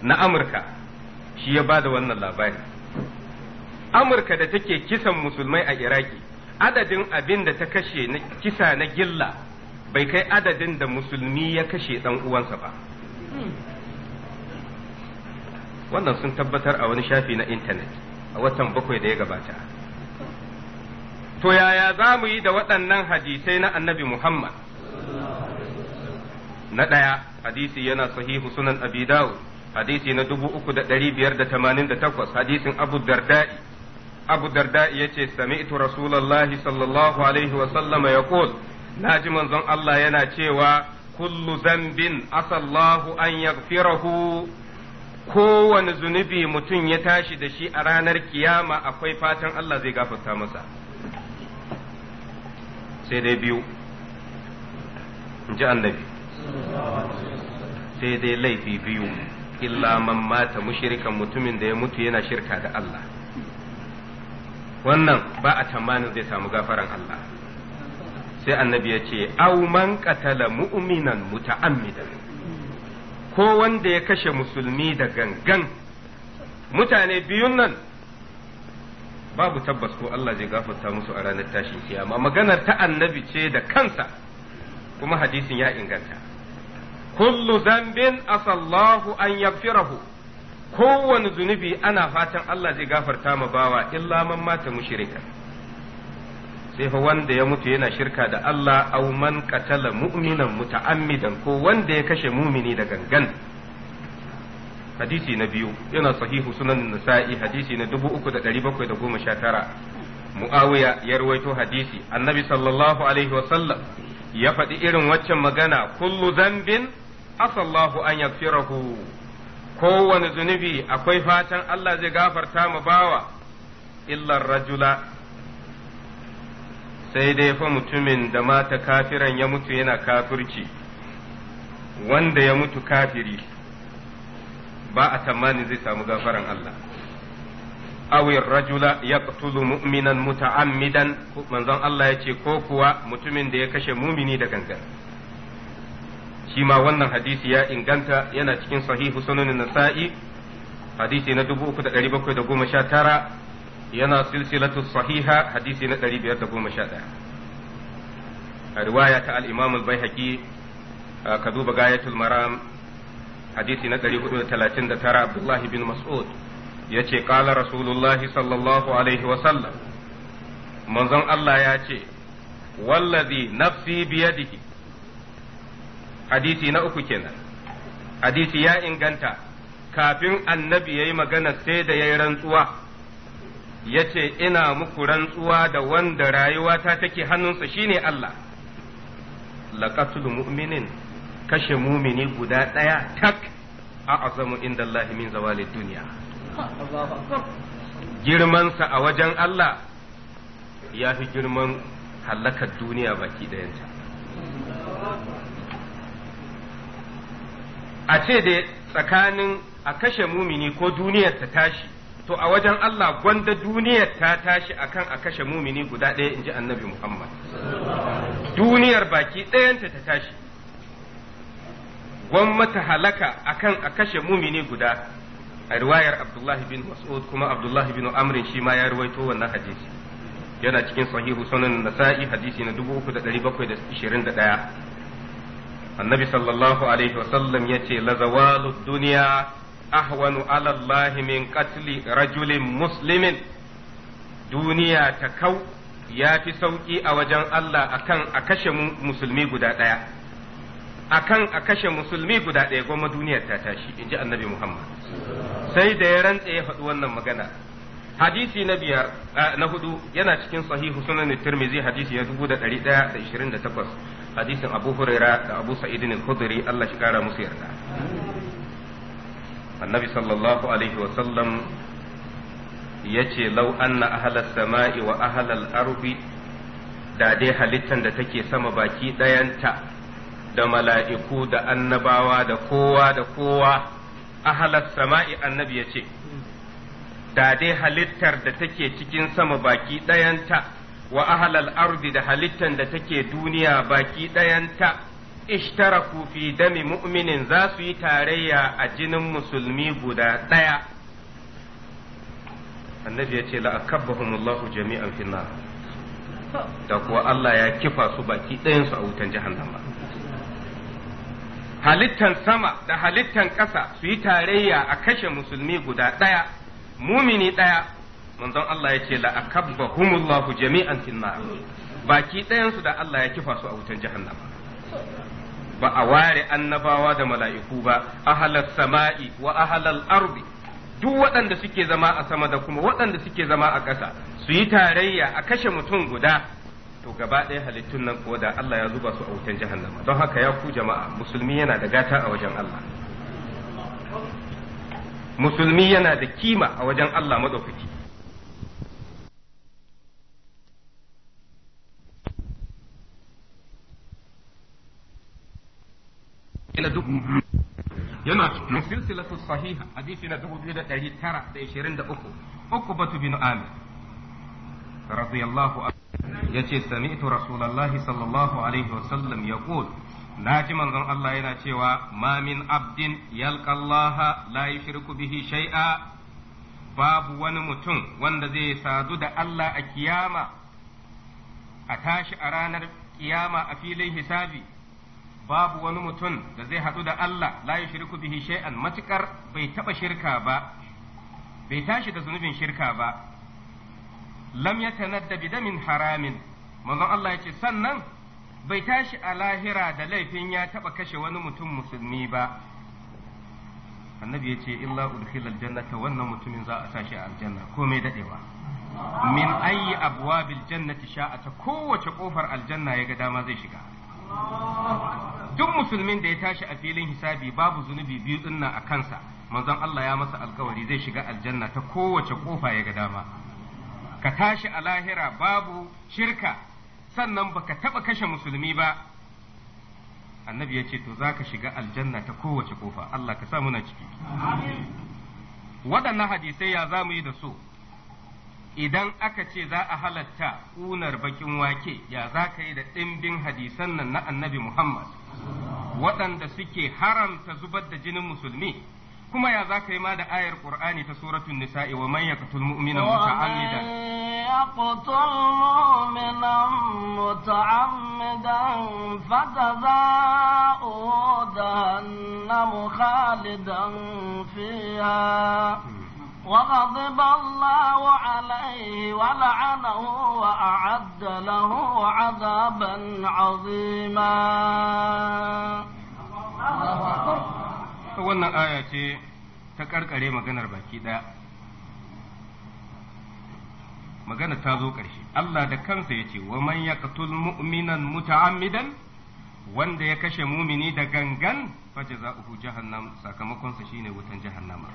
na Amurka shi ya bada wannan labari Amurka da take kisan musulmai a Iraki adadin abin da ta kashe na kisa na gilla bai kai adadin da musulmi ya kashe ɗan uwansa ba wannan sun tabbatar a wani shafi na intanet a watan bakwai da ya gabata to yaya za mu yi da waɗannan hadisai na annabi muhammad na ɗaya hadisi yana sahihu sunan abi dawud hadisi na dubu uku da da da dari biyar tamanin takwas hadisin Abu Darda'i Abu Darda'i sami sami'tu Rasulallah sallallahu alaihi wa sallam ya sallama Na ji manzon Allah yana cewa kullu zambin asallahu an yaghfirahu kowane zunubi mutum ya tashi da shi a ranar kiyama akwai fatan Allah zai gafarta masa sai dai biyu in ji annabi sai dai laifi biyu illa man mata mushrikan mutumin da ya mutu yana shirka da Allah wannan ba a tamanin zai samu gafaran Allah sai annabi ya ce au man qatala mu'minan muta'ammidan ko wanda ya kashe musulmi da gangan mutane biyun nan babu tabbas ko Allah zai gafarta musu a ranar tashin kiyama maganar ta annabi ce da kansa kuma hadisin ya inganta kullu dhanbin asallahu an rahu. kowane zunubi ana fatan Allah zai gafarta ma bawa illa man mata mushrika sai fa wanda ya mutu yana shirka da Allah aw man qatala mu'minan muta'ammidan ko wanda ya kashe mumini da gangan hadisi na biyu yana sahihu sunan nisa'i hadisi na 3719 muawiya ya rawaito hadisi annabi sallallahu alaihi sallam ya faɗi irin waccan magana kullu zambin asallahu an yaghfirahu kowane zunubi akwai fatan Allah zai gafarta mu bawa illar rajula sai dai fa mutumin da mata kafiran ya mutu yana kafirci wanda ya mutu kafiri ba a tamani zai samu gafaran Allah awir rajula ya mu'minan muta'ammidan manzon Allah ya ce ko kuwa mutumin da ya kashe mumini da gangan shi ma wannan hadisi ya inganta yana cikin sahihu sunan nasa'i hadisi na 3719 yana silsilatu sahiha hadisi na 511 a riwaya ta al-imam al-baihaqi ka duba gayatul maram hadisi na 439 abdullah bin mas'ud yace qala rasulullahi sallallahu alaihi wa sallam manzon Allah ya ce wallazi nafsi biyadihi hadisi na uku kenan hadisi ya inganta kafin annabi ya yi magana sai da ya yi rantsuwa ya ce ina muku rantsuwa da wanda rayuwata take hannunsa shine Allah laqatul mu'minin kashe mumini guda ɗaya tak a azamu inda Allah min zawalid duniya girmansa a wajen Allah ya fi girman halakar duniya baki ɗayanta a ce da tsakanin a kashe mumini ko duniyar ta tashi to a wajen Allah gwanda duniyar ta tashi akan a kashe mumini guda ɗaya in ji annabi Muhammad duniyar baki ɗayanta ta tashi gwamnati halaka akan a kashe mumini guda a riwayar Abdullahi bin Mas'ud kuma Abdullahi bin Amrin shi ma ya ruwaito wannan hadisi yana cikin sahihu sunan nasa'i hadisi na 3721 annabi sallallahu alaihi wasallam ya ce lazawalu duniya ahwanu ala Allah min qatli rajulin muslimin duniya ta kau ya fi sauƙi a wajen Allah akan a kashe musulmi guda ɗaya akan a kashe musulmi guda ɗaya goma duniyar ta tashi in ji annabi Muhammad sai da ya rantse ya faɗi wannan magana hadisi na na hudu yana cikin sahihu tirmizi hadisi dubu da ɗaya da ishirin da takwas hadisin abu huraira da abu sa'idin al-khudri Allah shi kara musu yarda annabi sallallahu alaihi wa sallam yace law anna ahlas sama'i wa ahlal ardi da dai halittan da take sama baki dayanta da mala'iku da annabawa da kowa da kowa ahalar sama'i annabi ya ce, da dai halittar da take cikin sama baki ɗayanta wa ahlal ardi da halittan da take duniya baki ɗayanta ishtaraku fi dami mu'minin za su yi tarayya a jinin musulmi guda ɗaya annabi ya ce la'akabbahumullahu jami'an finna da kuwa Allah ya kifa su baki ɗayansu a wutan jahannama halittan sama da halittan ƙasa su yi tarayya a kashe musulmi guda ɗaya mumini ɗaya manzon Allah ya ce la'akabbahumullahu jami'an finnar baki ɗayansu da Allah ya kifa su a wutan jahannama ba a ware annabawa da mala'iku ba ahalar sama'i wa ahalar arbi duk waɗanda suke zama a sama da kuma waɗanda suke zama a ƙasa su yi tarayya a kashe mutum guda to gaba ɗaya halittun nan ko da Allah ya zuba su a wutan jahannama don haka ya ku jama'a musulmi yana da gata a wajen Allah musulmi yana da kima a wajen Allah madaukaki ila duk yana cikin silsilatu sahiha hadisi na 2923 uqbatu bin amir radiyallahu anhu yace sami'tu rasulullahi sallallahu alaihi wasallam yaqul naji manzon Allah yana cewa ma min abdin yalqallaha la yushriku bihi shay'a babu wani mutum wanda zai sadu da Allah a kiyama a tashi a ranar kiyama a filin hisabi babu wani mutum da zai haɗu da Allah la yushriku bihi shay'an matukar bai taɓa shirka ba bai tashi da zunubin shirka ba lam yatanadda bi damin haramin manzon Allah ya ce sannan bai tashi a lahira da laifin ya taɓa kashe wani mutum musulmi ba annabi ya ce illa udkhila aljannata wannan mutumin za a tashi a aljanna komai dadewa min ayi abwabil jannati sha'a ta kowace kofar aljanna ya ga dama zai shiga duk musulmin da ya tashi a filin hisabi babu zunubi biyu dinnan a kansa manzon Allah ya masa alkawari zai shiga aljanna ta kowace kofa ya ga dama ka tashi a lahira babu shirka sannan baka taba kashe musulmi ba annabi ya ce to za ka shiga aljanna ta kowace kofa Allah ka sa muna ciki waɗannan hadisai ya za yi da su idan aka ce za a halatta ƙunar bakin wake ya za ka yi da ɗimbin hadisan nan na annabi Muhammad waɗanda suke haramta zubar da jinin musulmi kuma ya za ka yi ma da ayar ƙur'ani ta suratun nisa'i wa man yaqtul mu'mina muta'ammidan yaqtul mu'mina muta'ammidan fajaza'u jahannam khalidan fiha hmm. وغضب الله عليه ولعنه وأعد له عذابا عظيما wannan aya ce ta karkare maganar baki ɗaya magana ta zo ƙarshe Allah da kansa ya ce wa man yaqtul mu'minan muta'ammidan wanda ya kashe mumini da gangan fa jaza'uhu jahannam sakamakonsa shine wutan jahannama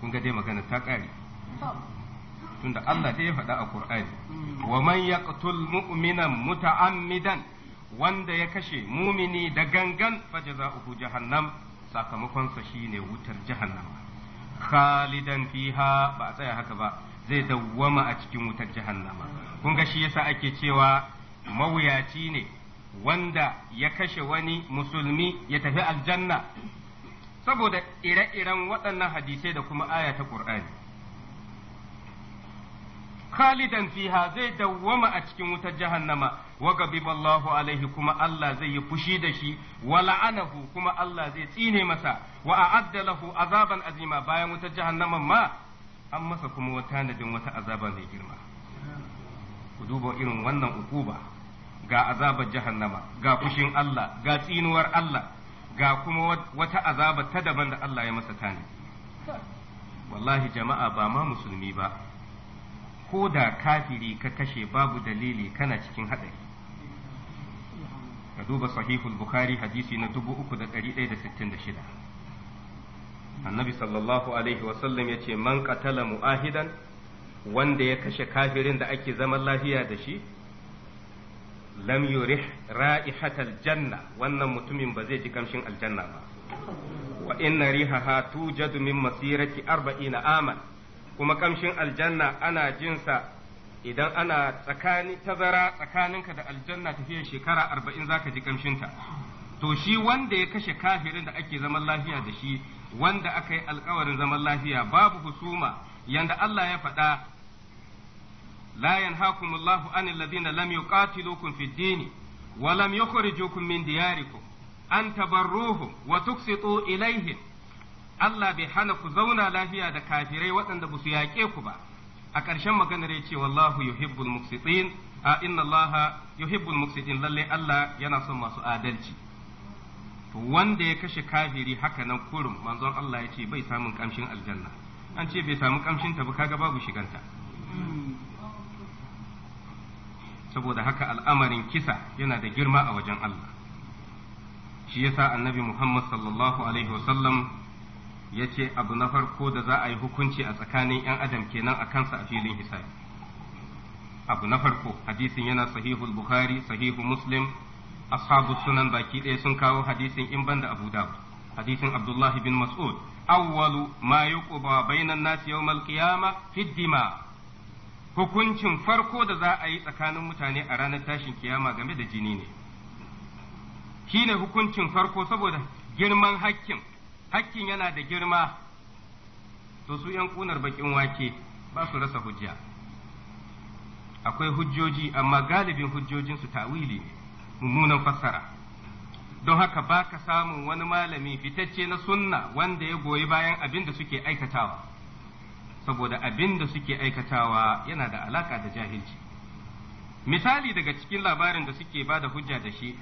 kun ga dai magana ta ƙare tunda Allah dai ya faɗa a Qur'ani mm. wa man yaqtul mu'minan muta'ammidan wanda ya kashe mumini da gangan fajza'uhu jahannam sakamakonsa shi shine wutar jahannam khalidan fiha ba a tsaya haka ba zai dawwama a cikin wutar jahannam kun ga shi yasa ake cewa mawuyaci ne wanda ya kashe wani musulmi ya tafi aljanna saboda ire-iren waɗannan hadisai da kuma aya ta ƙur'ani Khalidan fiha zai dawwama a cikin wutar jahannama wa gabiballahu alaihi kuma Allah zai yi fushi da shi wa la'anahu kuma Allah zai tsine masa wa a'adda lahu azaban azima bayan wutar jahannama ma an masa kuma wata nadin wata azaba mai girma ku duba irin wannan ukuba ga azabar jahannama ga fushin Allah ga tsinuwar Allah ga kuma wata azaba ta daban da Allah ya masa tani. wallahi jama'a ba ma musulmi ba ko da kafiri ka kashe babu dalili kana cikin haɗari ka duba sahihul bukhari hadisi na 3166 annabi sallallahu alaihi wasallam ya ce man qatala mu'ahidan wanda ya kashe kafirin da ake zaman lafiya da shi lam yurih ra'ihatal janna wannan mutumin ba zai ji kamshin aljanna ba wa inna rihaha tujadu min masirati arba'ina aman kuma kamshin aljanna ana jinsa idan ana tsakani tazara tsakaninka da aljanna tafiya shekara arba'in zaka ji kamshinta to shi wanda ya kashe kafirin da ake zaman lafiya da shi wanda aka yi alkawarin zaman lafiya babu husuma yanda Allah ya faɗa لا ينهاكم الله عن الذين لم يقاتلوكم في الدين ولم يخرجوكم من دياركم أن تبروهم وتقسطوا إليهم Allah bai hana ku zauna lafiya da kafirai waɗanda ba su yaƙe ku ba a ƙarshen maganar ya ce wallahu yuhibbul muqsitin a inna Allah yuhibbul lalle Allah yana son masu adalci wanda ya kashe kafiri haka nan kurum manzon Allah ya ce bai samun kamshin aljanna an ce bai samu kamshin ta ba kaga babu shiganta saboda haka al'amarin kisa yana da girma a wajen Allah shi yasa annabi Muhammad sallallahu alaihi wasallam ya ce abu na farko da za a yi hukunci a tsakanin 'yan adam kenan a kansa a filin hisabi abu na farko hadisin yana sahihul bukhari sahihu muslim ashabu sunan baki ɗaya sun kawo hadisin in banda abu dawud hadisin abdullahi bin mas'ud awwalu ma yuqba bainan nas yawm qiyamah dima hukuncin farko da za a yi tsakanin mutane a ranar tashin kiyama game da jini ne shi ne hukuncin farko saboda girman hakkin hakkin yana da girma to su ‘yan ƙunar bakin wake ba su rasa hujja akwai hujjoji amma galibin hujjojinsu ta'wili ne mummunan fassara don haka ba ka samun wani malami fitacce na sunna wanda ya goyi bayan abin da suke aikatawa. saboda abin da suke aikatawa yana da alaka da jahilci misali daga cikin labarin da suke ba da hujja da shi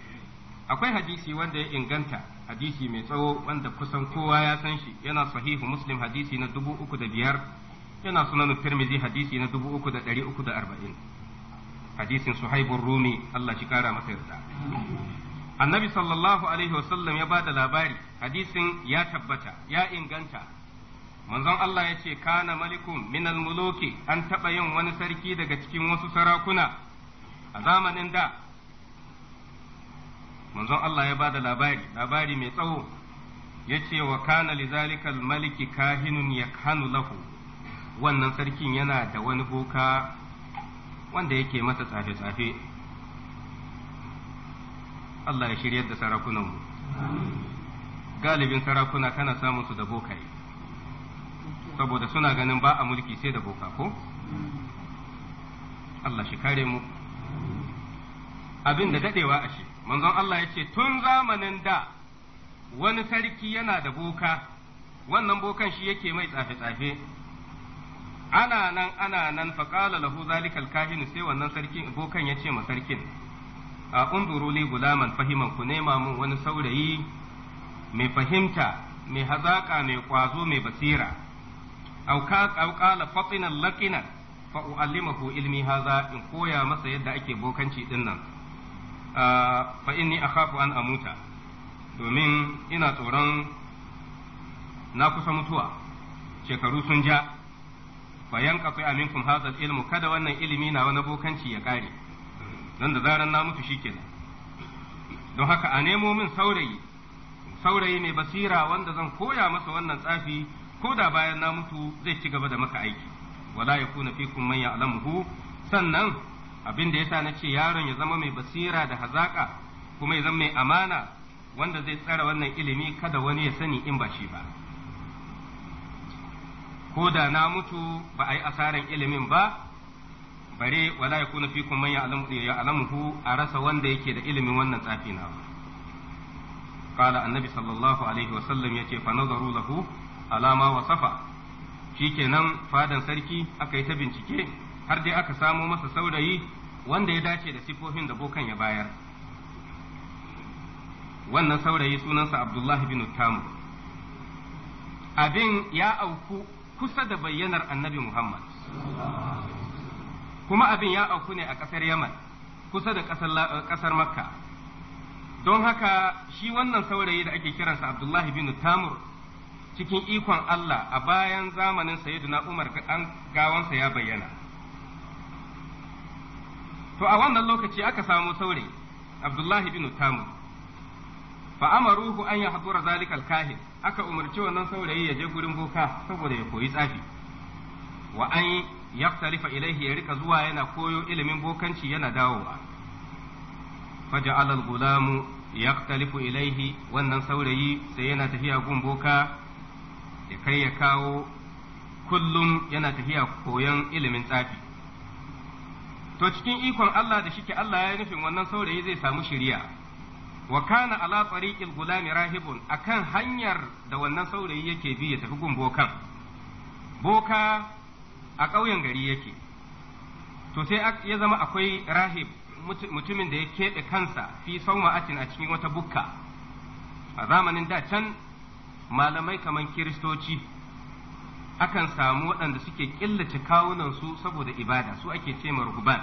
akwai hadisi wanda ya inganta hadisi mai tsawo wanda kusan kowa ya san shi yana sahihu muslim hadisi na dubu uku da biyar yana sunan tirmizi hadisi na dubu uku da ɗari uku da arba'in hadisin suhaibun rumi Allah shi kara masa yarda annabi sallallahu alaihi wasallam ya ba da labari hadisin ya tabbata ya inganta manzon Allah ya ce kana malikun minal muluki an taɓa yin wani sarki daga cikin wasu sarakuna a zamanin da manzon Allah ya bada labari labari mai tsawo ya ce wa kana lizalikal maliki kahinun ya kanu lahu wannan sarkin yana da wani boka wanda yake masa tsafe-tsafe Allah ya shiryar da sarakunanmu galibin sarakuna kana samun su da bokaye saboda suna ganin ba a mulki sai da boka ko Allah shi kare mu abin da dadewa a shi manzon Allah ya ce tun zamanin da wani sarki yana da boka wannan bokan shi yake mai tsafe-tsafe ana nan ana nan faƙala lahu zalikal kahinu sai wannan sarkin bokan ya ce ma sarkin a unduru li gulaman fahiman ku nema mun wani saurayi mai fahimta mai hazaƙa mai ƙwazo mai basira au qala fatina laqina fa uallimahu ilmi hadha in koya masa yadda ake bokanci din nan fa inni akhafu an amuta domin ina tsoron na kusa mutuwa shekaru sun ja fa yanqati aminkum hadha ilmu kada wannan ilimi na wani bokanci ya ƙare. don da zaran na mutu shikenan don haka a nemo min saurayi saurayi mai basira wanda zan koya masa wannan tsafi ko da bayan na mutu zai ci gaba da maka aiki wala ya yakuna fikum man alamuhu sannan abin da na ce yaron ya zama mai basira da hazaka kuma ya zama mai amana wanda zai tsara wannan ilimi kada wani ya sani in ba shi ba ko da na mutu ba a yi asaran ilimin ba bare wala ya kuna fikun man ya alamuhu a rasa wanda yake da ilimin wannan tsafi na قال annabi sallallahu alaihi wasallam yace fa nazaru له alama wa safa shikenan fadan sarki aka yi ta bincike har dai aka samo masa saurayi wanda ya dace da sifofin da bokan ya bayar wannan saurayi sunansa abdullahi bin tamu abin ya auku kusa da bayyanar annabi muhammad kuma abin ya auku ne a ƙasar yaman kusa da ƙasar eh, makka don haka shi wannan saurayi da ake kiransa abdullahi bin tamur cikin ikon Allah a bayan zamanin sayyidina Umar kaɗan gawansa ya bayyana. To a wannan lokaci aka samu saurayi Abdullahi bin Tamu fa'amaruhu an yi haƙura zalikal kahin aka umarci wannan saurayi ya je gurin boka saboda ya koyi tsafi wa an yaftarifa ilaihi ya rika zuwa yana koyo ilimin bokanci yana dawowa faja'alal gulamu yaktalifu ilaihi wannan saurayi sai yana tafiya gun boka kai ya kawo kullum yana tafiya koyon ilimin tsafi to cikin ikon Allah da shike Allah ya nufin wannan saurayi zai samu shiriya wa kana ala tariqil gulami rahibun akan hanyar da wannan saurayi yake bi ya tafi gun bokan boka a ƙauyen gari yake to sai ya zama akwai rahib mutumin da ya keɓe kansa fi sauma'atin a cikin wata bukka a zamanin da can malamai kamar kiristoci akan samu waɗanda suke killace su saboda ibada su ake ce ruhban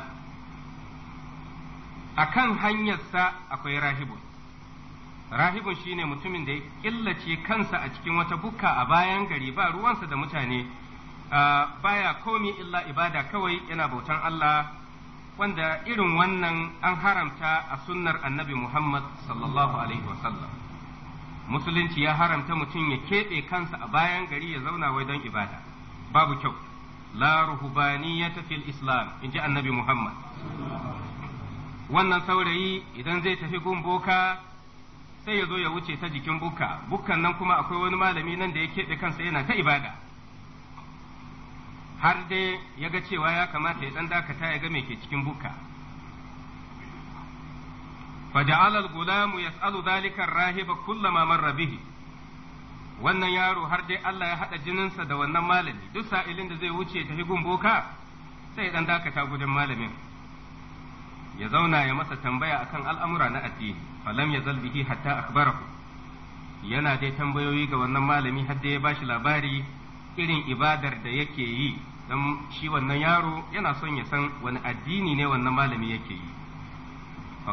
a kan hanyarsa akwai rahibun rahibun shine mutumin da ya killace kansa a cikin wata bukka a bayan gari ba ruwansa da mutane ah, baya komi illa ibada kawai yana bautan Allah wanda irin wannan an haramta a sunnar annabi Muhammad sallallahu alaihi wasallam. musulunci ya haramta mutum ya keɓe kansa a bayan gari ya zauna wai don ibada babu kyau la ruhubaniyata fil islam in ji annabi muhammad wannan saurayi idan zai tafi gun boka sai ya zo ya wuce ta jikin bukka bukkan nan kuma akwai wani malami nan da ya keɓe kansa yana ta ibada har dai ya ga cewa ya kamata ya ɗan dakata ya ga me ke cikin bukka فجعل الغلام يسأل ذلك الراهب ما مر به wannan yaro har dai Allah ya haɗa jininsa da wannan malami duk sa'ilin da zai wuce ta higun boka sai dan dakata gudun malamin ya zauna ya masa tambaya akan al'amura na addini falam ya zalbihi hatta akbarahu yana dai tambayoyi ga wannan malami har dai ya bashi labari irin ibadar da yake yi don shi wannan yaro yana son ya san wani addini ne wannan malami yake yi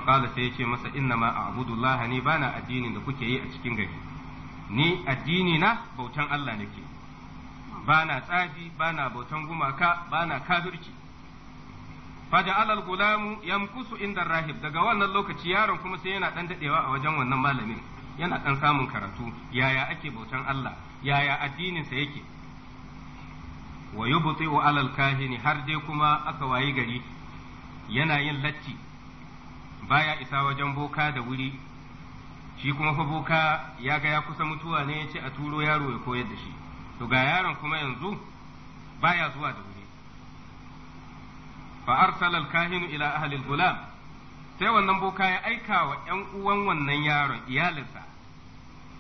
faƙala sai ya ce masa inna ma a abudullah ni ba na addinin da kuke yi a cikin gari ni addini na bautan Allah nake ba na tsafi ba na bautan gumaka ba na kafirci Faja alal gulamu yamkusu inda rahib daga wannan lokaci yaron kuma sai yana dan dadewa a wajen wannan malamin yana dan samun karatu yaya ake bautan Allah yaya addinin sa yake wa alal kahini har dai kuma aka wayi gari yana yin latti baya isa wajen boka da wuri shi kuma fa boka ya ga ya kusa mutuwa ne ya ce a turo yaro ya koyar da shi to ga yaron kuma yanzu baya zuwa da wuri fa arsala al-kahinu ila ahli al-gulam sai wannan boka ya aika wa ƴan uwan wannan yaron iyalinsa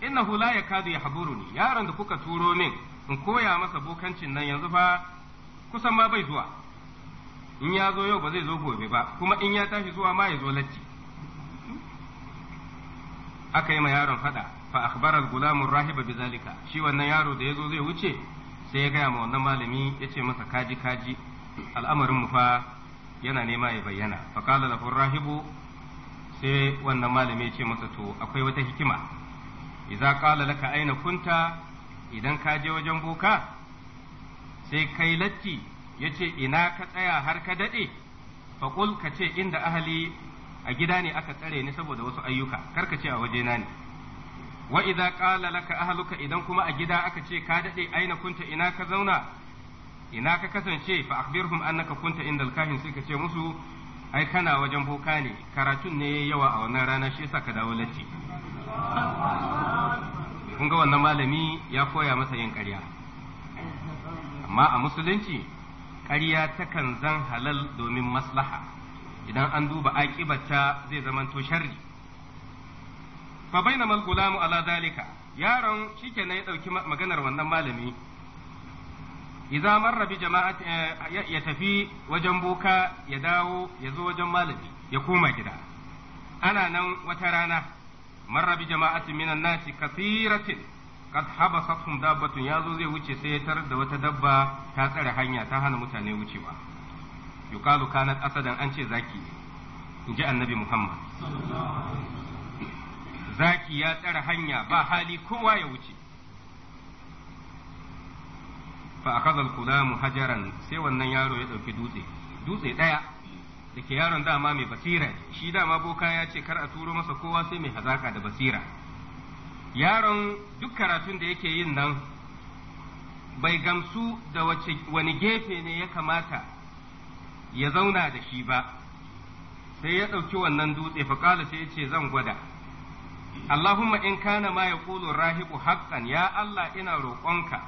innahu la yakadu yahburuni yaron da kuka turo min in koya masa bokancin nan yanzu fa kusan ma bai zuwa in ya zo yau ba zai zo gobe ba kuma in ya tashi zuwa ma ya zo latti aka yi ma yaron fada fa akhbara al-gulam rahiba bizalika shi wannan yaro da yazo zai wuce sai ya gaya ma wannan malami yace masa kaji kaji al'amarin mu fa yana nema ya bayyana fa qala lahu rahibu sai wannan malami yace masa to akwai wata hikima idza qala laka aina kunta idan ka je wajen boka sai kai latti yace ina ka tsaya har ka daɗe faƙul ka ce inda ahali a gida ne aka tsare ni saboda wasu ayyuka kar ka ce a wajena ne wa idza qala laka ahluka idan kuma a gida aka ce ka dade aina kunta ina ka zauna ina ka kasance fa akhbirhum annaka kunta inda al-kahin sai ka ce musu ai kana wajen boka ne karatun ne yawa a wannan rana shi yasa ka dawo latti kun ga wannan malami ya koya masa yin ƙarya amma a musulunci ƙarya takan zan halal domin maslaha idan an duba aƙibata zai zamanto sharri fa bainama al-gulamu ala zalika yaron shike ne ya dauki maganar wannan malami idza marra bi jama'ati eh, ya tafi wajen boka ya dawo ya zo wajen malami ya koma gida ana nan wata rana marra bi jama'atin minan nasi kathiratin kad habasathum ya zo zai wuce sai ya tarar da wata dabba ta tsare hanya ta hana mutane wucewa yuqalu kanat asadan an ce zaki inji annabi Muhammad zaki ya tsare hanya ba hali kowa ya wuce fa akhadha al-qulam hajaran sai wannan yaro ya ɗauki dutse dutse daya dake yaron dama mai basira shi dama boka ya ce kar a turo masa kowa sai mai hazaƙa da basira yaron duk karatun da yake yin nan bai gamsu da wani gefe ne ya kamata ya zauna da shi ba sai ya ɗauki wannan dutse faƙala sai ya ce zan gwada Allahumma in kana ma ya rahibu haƙƙan ya Allah ina roƙonka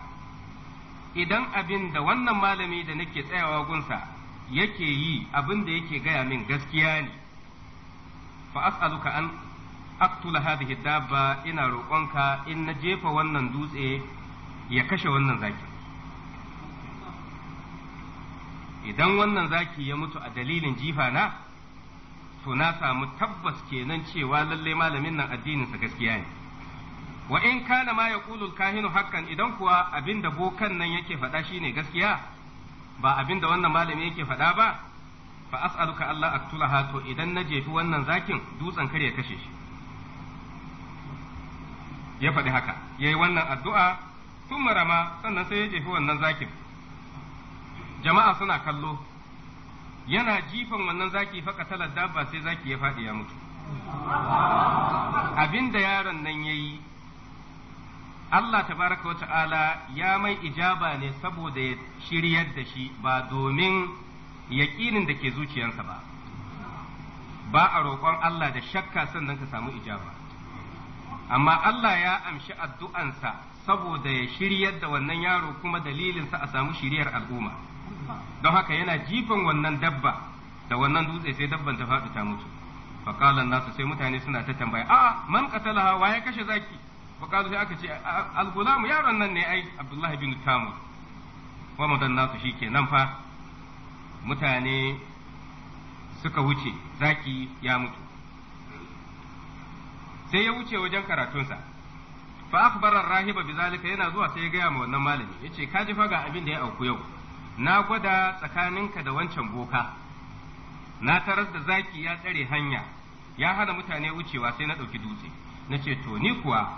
idan abin da wannan malami da nake tsayawa gunsa yake yi abin da yake gaya min gaskiya ne fa as'aluka an aktula hadhihi dabba ina roƙonka in na jefa wannan dutse ya kashe wannan zaki idan wannan zaki ya mutu a dalilin jifa na to na samu tabbas kenan cewa lalle malamin nan addininsa gaskiya ne wa in kana ma yaqulu kahinu hakan idan kuwa abinda bokan nan yake faɗa shine gaskiya ba abinda wannan malami yake faɗa ba fa as'aluka Allah aktulaha to idan na jefi wannan zakin dutsen kar ya kashe shi ya faɗi haka yayi wannan addu'a tun marama sannan sai ya jefi wannan zakin jama'a suna kallo yana jifan wannan zaki faka talar dabba sai zaki ya faɗi ya mutu abinda yaron nan yayi Allah tabaraka wa ta'ala ya mai ijaba ne saboda ya shiryar da shi ba domin yaƙinin da ke zuciyarsa ba ba a roƙon Allah da shakka sannan ka samu ijaba amma Allah ya amshi addu'ansa saboda ya shiryar da wannan yaro kuma dalilinsa a samu shiryar al'umma don haka yana jifan wannan dabba da wannan dutse sai dabban ta faɗi ta mutu faqalan nasu sai mutane suna ta tambaya a man qatalaha wa ya kashe zaki faqalu sai aka ce al-gulam yaron nan ne ai Abdullahi bin Tamur nasu shi ke nan fa mutane suka wuce zaki ya mutu sai ya wuce wajen karatunsa fa akhbara rahiba bizalika yana zuwa sai ya gaya ma wannan malami yace ka ji fa ga abin da ya auku yau na gwada tsakaninka da wancan boka na taras da zaki ya tsare hanya ya hana mutane wucewa sai na ɗauki dutse na ce to ni kuwa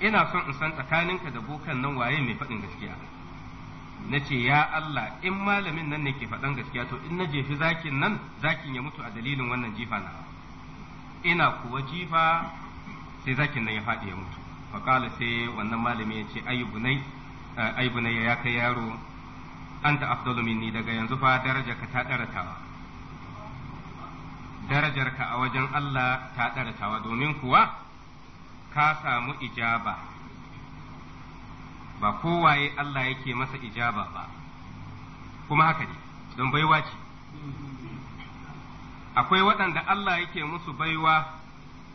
ina son in san tsakaninka da bokan nan waye mai faɗin gaskiya na ce ya Allah in malamin nan ne ke faɗan gaskiya to in na jefi zakin nan zakin ya mutu a dalilin wannan jifa na ina kuwa jifa sai zakin nan ya faɗi ya mutu faƙala sai wannan malami ya ce ayyubunai ya kai yaro anta afdalu minni daga yanzu fa daraja ka ta daratawa, darajar ka a wajen Allah ta daratawa domin kuwa ka samu ijaba ba kowaye Allah yake masa ijaba ba kuma haka ne don baiwa ce akwai waɗanda Allah yake musu baiwa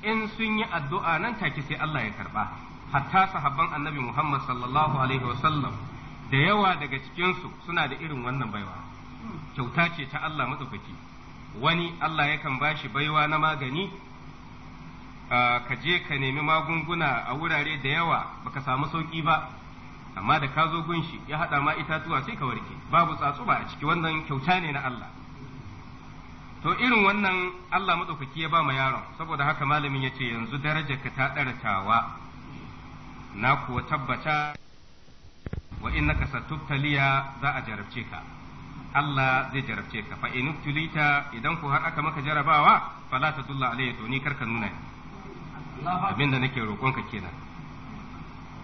in sun yi addu'a nan take sai Allah ya karɓa hatta sahabban annabi Muhammad sallallahu alaihi wasallam da yawa daga cikinsu suna da irin wannan baiwa kyauta ce ta Allah matsafaki wani Allah yakan ba shi baiwa na magani ka je ka nemi magunguna a wurare da yawa baka samu sauƙi ba amma da ka zo gunshi ya haɗa ma itatuwa sai ka warke babu tsatsuba a ciki wannan kyauta ne na Allah to irin wannan Allah maɗaukaki ya ba ma yaron saboda haka malamin ya ce yanzu darajar ka ta ɗaratawa na kuwa tabbata wa innaka satubtaliya za a jarabce ka Allah zai jarabce ka fa in tulita idan ku har aka maka jarabawa fala dulla alayhi to ni karka nuna abin da nake roƙonka kenan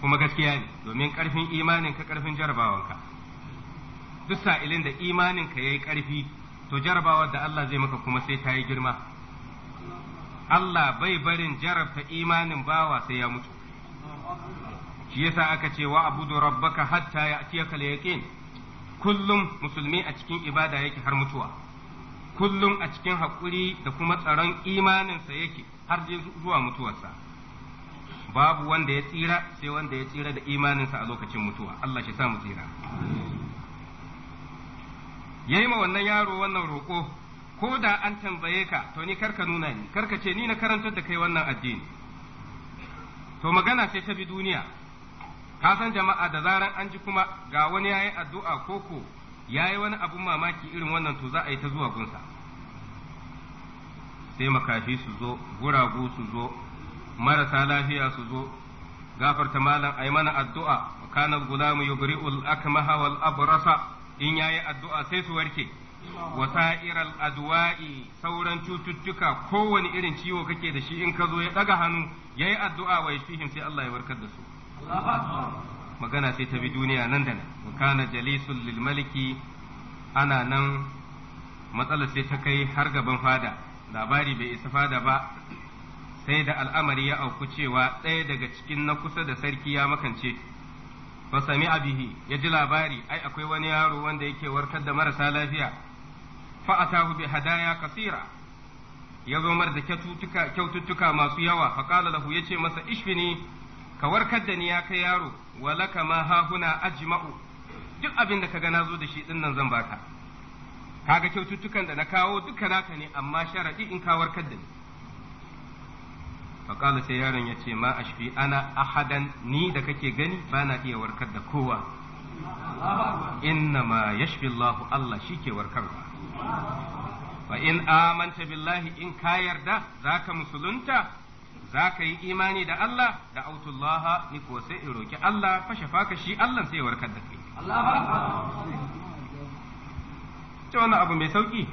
kuma gaskiya ne domin karfin imanin ka karfin jarabawanka duk sa'ilin da imanin ka yayi karfi to jarabawa da Allah zai maka kuma sai ta yi girma Allah bai barin jarabta imanin bawa sai ya mutu shi yasa aka ce wa abudu rabbaka hatta ya'tiyaka al-yaqin kullum musulmi a cikin ibada yake har mutuwa kullum a cikin hakuri da kuma tsaron imaninsa yake har zuwa mutuwarsa babu wanda ya tsira sai wanda ya tsira da imaninsa a lokacin mutuwa Allah shi sa mu tsira yayi ma wannan yaro wannan roƙo ko da an tambaye ka to ni karka nuna ni karka ce ni na karantar da kai wannan addini to magana sai ta bi duniya ka san jama'a da zaran an ji kuma ga wani yayi addu'a koko yayi wani abun mamaki irin wannan to za a yi ta zuwa gunsa sai makafi su zo guragu su zo marasa lafiya su zo gafarta malam ayi mana addu'a kana gulamu yubri'ul akmaha wal abrasa in yayi addu'a sai su warke wa sa'iral adwa'i sauran cututtuka kowane irin ciwo kake da shi in ka zo ya daga hannu yayi addu'a wa yafihim sai Allah ya warkar da su magana sai ta bi duniya nan da nan kana jalisul lil maliki ana nan matsalar sai ta kai har gaban fada labari bai isa fada ba sai da al'amari ya auku cewa ɗaya daga cikin na kusa da sarki ya makance fa a bihi ya ji labari ai akwai wani yaro wanda yake warkar da marasa lafiya fa bi hadaya kasira ya zo mar da kyaututtuka masu yawa fa ya lahu ce masa ishfini ka warkar da ni ya kai yaro walaka ma hahuna ajma'u duk abin da ka na zo da shi din nan zan baka kaga kyaututtukan da na kawo duka naka ne amma sharadi in ka warkar da ni faƙala sai yaron ya ce ma ashfi ana ahadan ni da kake gani ba na iya warkar da kowa inna ma yashfi Allah Allah shi ke warkarwa fa in amanta billahi in ka yarda zaka musulunta zaka yi imani da Allah da autullah ni ko sai in roki Allah fa shafaka shi Allah sai warkar da kai ta wani abu mai sauki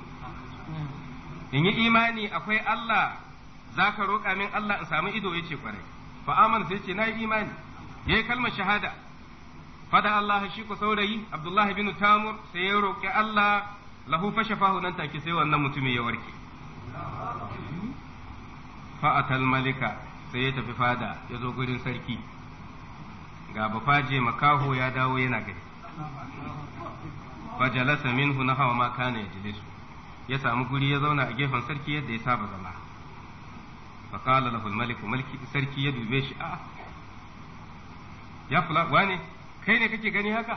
in yi imani akwai Allah za ka roƙa min Allah in samu ido ya ce kwarai fa amana sai ce na yi imani ya yi kalmar shahada fada Allah shi ku saurayi Abdullahi bin Tamur sai ya roƙi Allah lahu fashe fahu nan take sai wannan mutumin ya warke fa'atal malika sai ya tafi fada ya zo gurin sarki ga bafaje makaho ya dawo yana gari fajalasa minhu na hawa ma kana ya jilisu ya samu guri ya zauna a gefen sarki yadda ya saba zama fa qala lahu al-malik malki sarki ya dube shi ya fula wane kai ne kake gani haka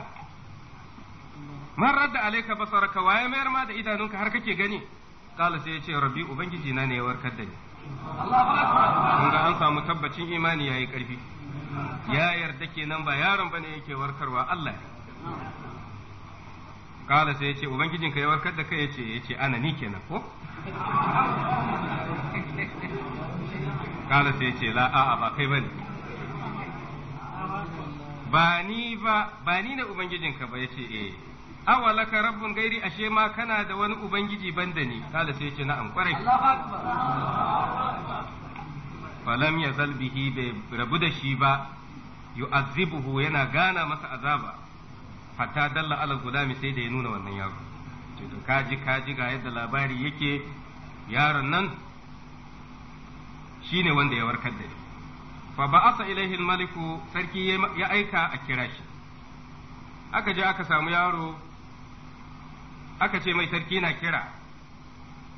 man radda alayka basaraka waye mayar ma da idanunka har kake gani kala sai ya ce rabbi ubangiji na ne ya warkar da ni kun ga an samu tabbacin imani yayi karfi ya yarda kenan ba yaron bane yake warkarwa Allah kala sai ya ce ubangijinka ya warkar da kai ya ce ya ce ana ni kenan ko kala sai ce la a'a ba kai bane ba ni ba ba ni ne ubangijinka ba yace eh awalaka rabbun gairi ashe ma kana da wani ubangiji banda ni kala sai ce na'am kwarai falam yazal zalbihi bai rabu da shi ba yu'azzibuhu yana gana masa azaba hatta dalla ala gulami sai da ya nuna wannan yaro to kaji kaji ga yadda labari yake yaron nan Shi ne wanda ya warkar da ni fa ba'atha ilaihi maliku sarki ya aika a kira shi aka je aka samu yaro aka ce mai sarki na kira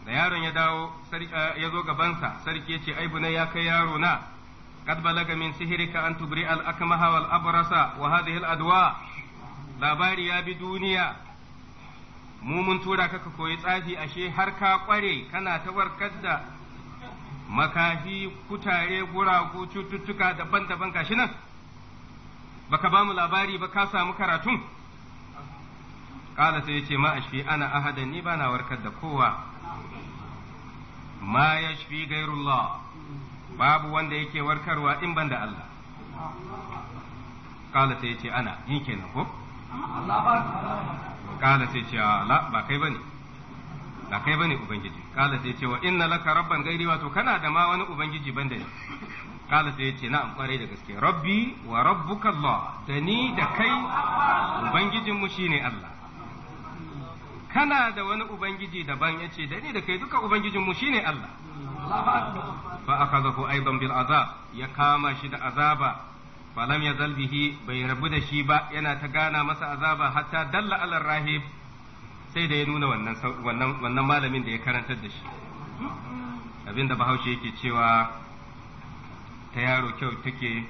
da yaron ya dawo eh, ya zo gabansa sarki ya ce ai bunai ya kai yaro na kad balaga min sihirika an tubri al akmaha wal abrasa wa hadhihi al adwa labari ya bi duniya mu mun tura ka ka koyi tsafi ashe har ka kware kana ta warkar da makafi kutare guragu cututtuka daban-daban gashi nan baka ba mu labari ba ka samu karatun kala sai yace ma ashfi ana ahadan ni bana warkar da kowa ma yashfi gairullah babu wanda yake warkarwa in ban da Allah kala sai yace ana ni kenan ko kala sai yace ala ba kai bane ba kai bane ubangiji kala sai ce wa inna laka rabban gairi wato kana da ma wani ubangiji ban da ni kala sai ce na'am kwarai da gaske rabbi wa rabbuka Allah da ni da kai ubangijin mu shine Allah kana da wani ubangiji daban yace da ni da kai duka ubangijin mu shine Allah fa akhadahu aidan bil azab ya kama shi da azaba falam yazal bihi bai rabu da shi ba yana ta gana masa azaba hatta dalla alal rahib sai da ya nuna wannan malamin da ya karanta da shi abinda bahaushe yake cewa ta yaro kyau take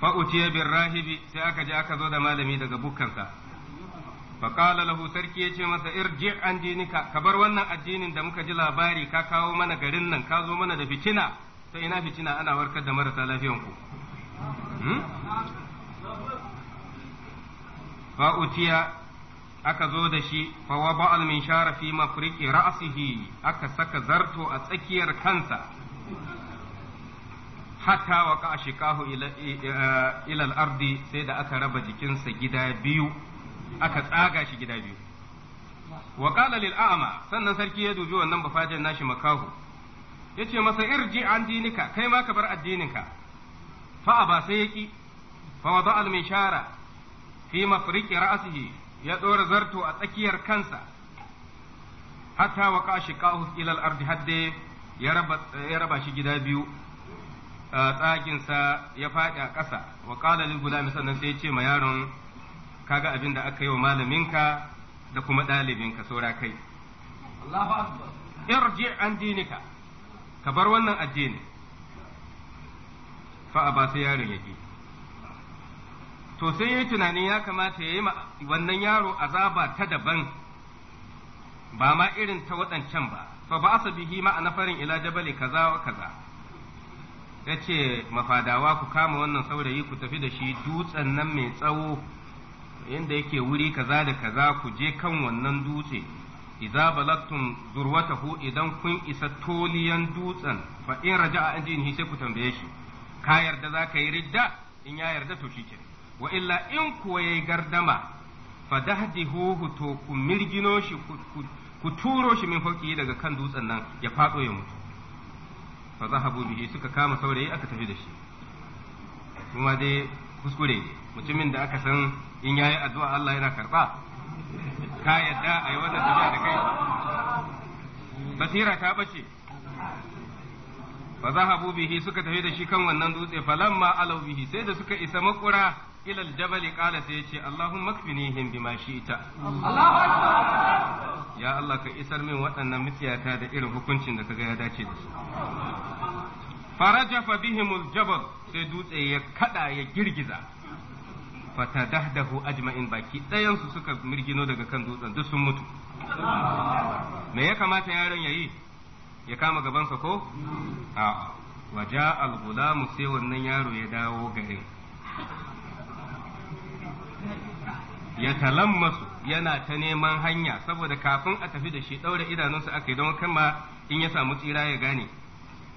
fa'uciye bin rahibi sai aka je aka zo da malami daga bukkansa faƙala lahu sarki ya ce masa irji an dinika ka bar wannan addinin da muka ji labari ka kawo mana garin nan ka zo mana da fitina ta ina fitina ana warkar da marasa lafiyan ku hmm? fa utiya aka zo da shi fa ba'al al minshara fi mafriqi ra'sihi aka saka zarto a tsakiyar kansa hatta wa ka shikahu ila al-ardi sai da aka raba jikinsa gida biyu aka tsaga shi gida biyu wa qala lil a'ma sannan sarki ya dubi wannan bafajen nashi makahu yace masa irji an dinika kai ma ka bar addininka fa ba sai yaki fa wada al mishara fi mafriqi ra'sihi ya dora zarto a tsakiyar kansa hatta waqa shiqahu ila al ardi hadde ya ya raba shi gida biyu tsaginsa ya faɗi a ƙasa wa ƙala lil gulami sannan sai ya ce ma yaron kaga abin da aka yi wa malaminka da kuma ɗalibinka saura kai Allahu akbar irji an dinika ka bar wannan addini fa ba sai yaron yake to sai yi tunanin ya kamata ya yi wannan yaro azaba ta daban ba ma irin ta waɗancan ba fa ba asa bihi ma a nafarin ila jabali kaza wa kaza ya ce mafadawa ku kama wannan saurayi ku tafi da shi dutsen nan mai tsawo inda yake wuri kaza da kaza ku je kan wannan dutse idza balagtum zurwatahu idan kun isa toliyan dutsen fa in raja'a an dinihi sai ku tambaye shi ka yarda za ka yi ridda in ya yarda to shi wa illa in kuwa yayi gardama fa dahdihuhu to ku mirgino shi ku turo shi min fauki daga kan dutsen nan ya fado ya mutu fa zahabu bihi suka kama saurayi aka tafi da shi kuma dai kuskure ne mutumin da aka san in yayi addu'a Allah yana karba ka yadda a yi wannan tafiya da kai basira ta bace fa zahabu bihi suka tafi da shi kan wannan dutse falamma alaw bihi sai da suka isa makura ila aljabal qala sai yace allahumma kfinihim bima shi'ta Allahu akbar ya Allah ka isar min waɗannan mutiyata da irin hukuncin da kaga ya dace da su farajafa bihim aljabal sai dutse ya kada ya girgiza fata dahdahu ajma'in baki ɗayansu suka mirgino daga kan dutsen duk sun mutu me ya kamata yaron yayi ya kama gabansa ko a waja al-gulamu sai wannan yaro ya dawo gari. ya talammasu yana ta neman hanya saboda kafin a tafi da shi ɗaure idanunsa aka yi don ma in ya samu tsira ya gane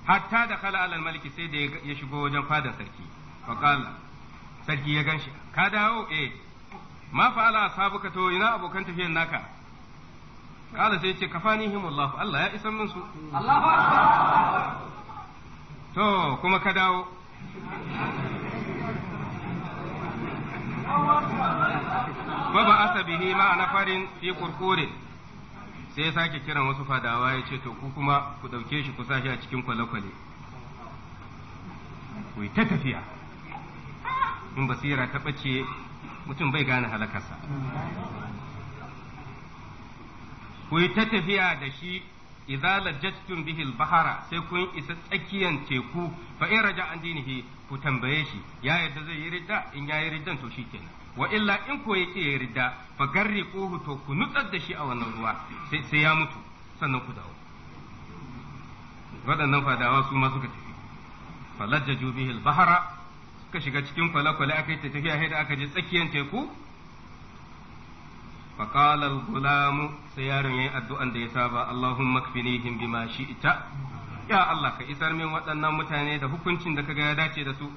hatta da kala alal maliki sai da ya shigo wajen fadar sarki faƙala sarki ya gan ka dawo eh ma ala sabuka to ina abokan tafiyar naka kala sai ce kafanihim Allah Allah ya isan min su Allahu to kuma ka dawo Baba asabihi ma nafarin fi kurkure sai ya sake kiran wasu fadawa ya ce to ku kuma ku dauke shi ku sa shi a cikin kwale-kwale ku ta tafiya in basira ta ɓace mutum bai gane halakarsa ku yi ta tafiya da shi idza lajjattum bihi bahara sai kun isa tsakiyan teku fa in raja an dinihi ku tambaye shi ya yadda zai yi ridda in ya yi riddan to shikenan wa illa in ko yake ya ridda fa garriquhu to ku nutsar da shi a wannan ruwa sai sai ya mutu sannan ku dawo waɗannan fadawa su ma suka tafi fa lajjaju bihi bahara suka shiga cikin kwale-kwale aka yi ta tafiya sai da aka je tsakiyar teku sai yaron ya yi addu'an da ya saba Allahumma kfinihim bima ita. ya Allah ka isar min waɗannan mutane da hukuncin da kaga ya dace da su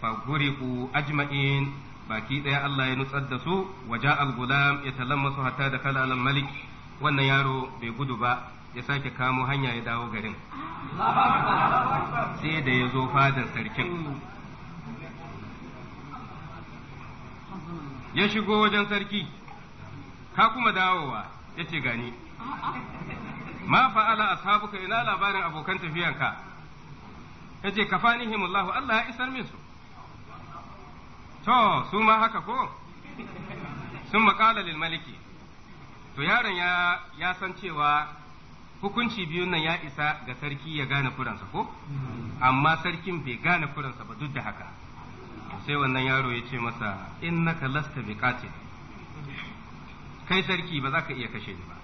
fa guriqu ajma'in baki ɗaya Allah ya nutsar da su waja al-gulam yatalammasu hatta da kala maliki, malik wannan yaro bai gudu ba ya sake kamo hanya ya dawo garin sai da ya zo fadar sarkin ya shigo wajen sarki ka kuma dawowa ya ce gani ma fa'ala ashabuka ina labarin abokan tafiyanka ya ce kafanihim Allah Allah ya isar min su to su ma haka ko sun maƙala lil maliki to yaron ya san cewa hukunci biyun nan ya isa ga sarki ya gane furansa ko amma sarkin bai gane furansa ba duk da haka sai wannan yaro ya ce masa innaka lasta biqatil kai sarki ba za ka iya kashe ni ba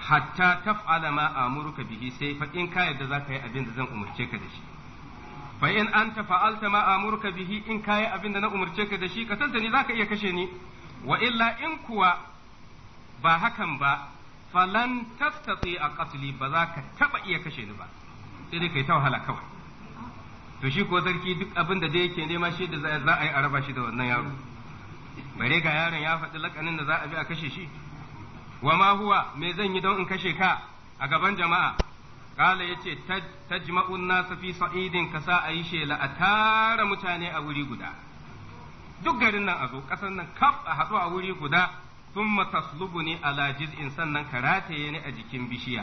hatta taf'ala ma amuruka bihi sai fa in ka yadda za ka yi abin da zan umarce ka da shi fa in anta fa'alta ma amuruka bihi in ka yi abin da na umarce ka da shi ka tantani za ka iya kashe ni wa illa in kuwa ba hakan ba falan tastati a qatli ba za ka taba iya kashe ni ba sai dai kai ta wahala kawai to shi ko sarki duk abin da yake nema shi da za a yi a raba shi da wannan yaro bare ga yaron ya faɗi lakanin da za a bi a kashe shi wa ma huwa me zan yi don in kashe ka a gaban jama'a kala yace tajma'un nasa fi sa'idin ka sa ayi shela a tara mutane a wuri guda duk garin nan a zo kasan nan kaf a haɗu a wuri guda summa تصلبني على جزء sannan ka rataye ni a jikin bishiya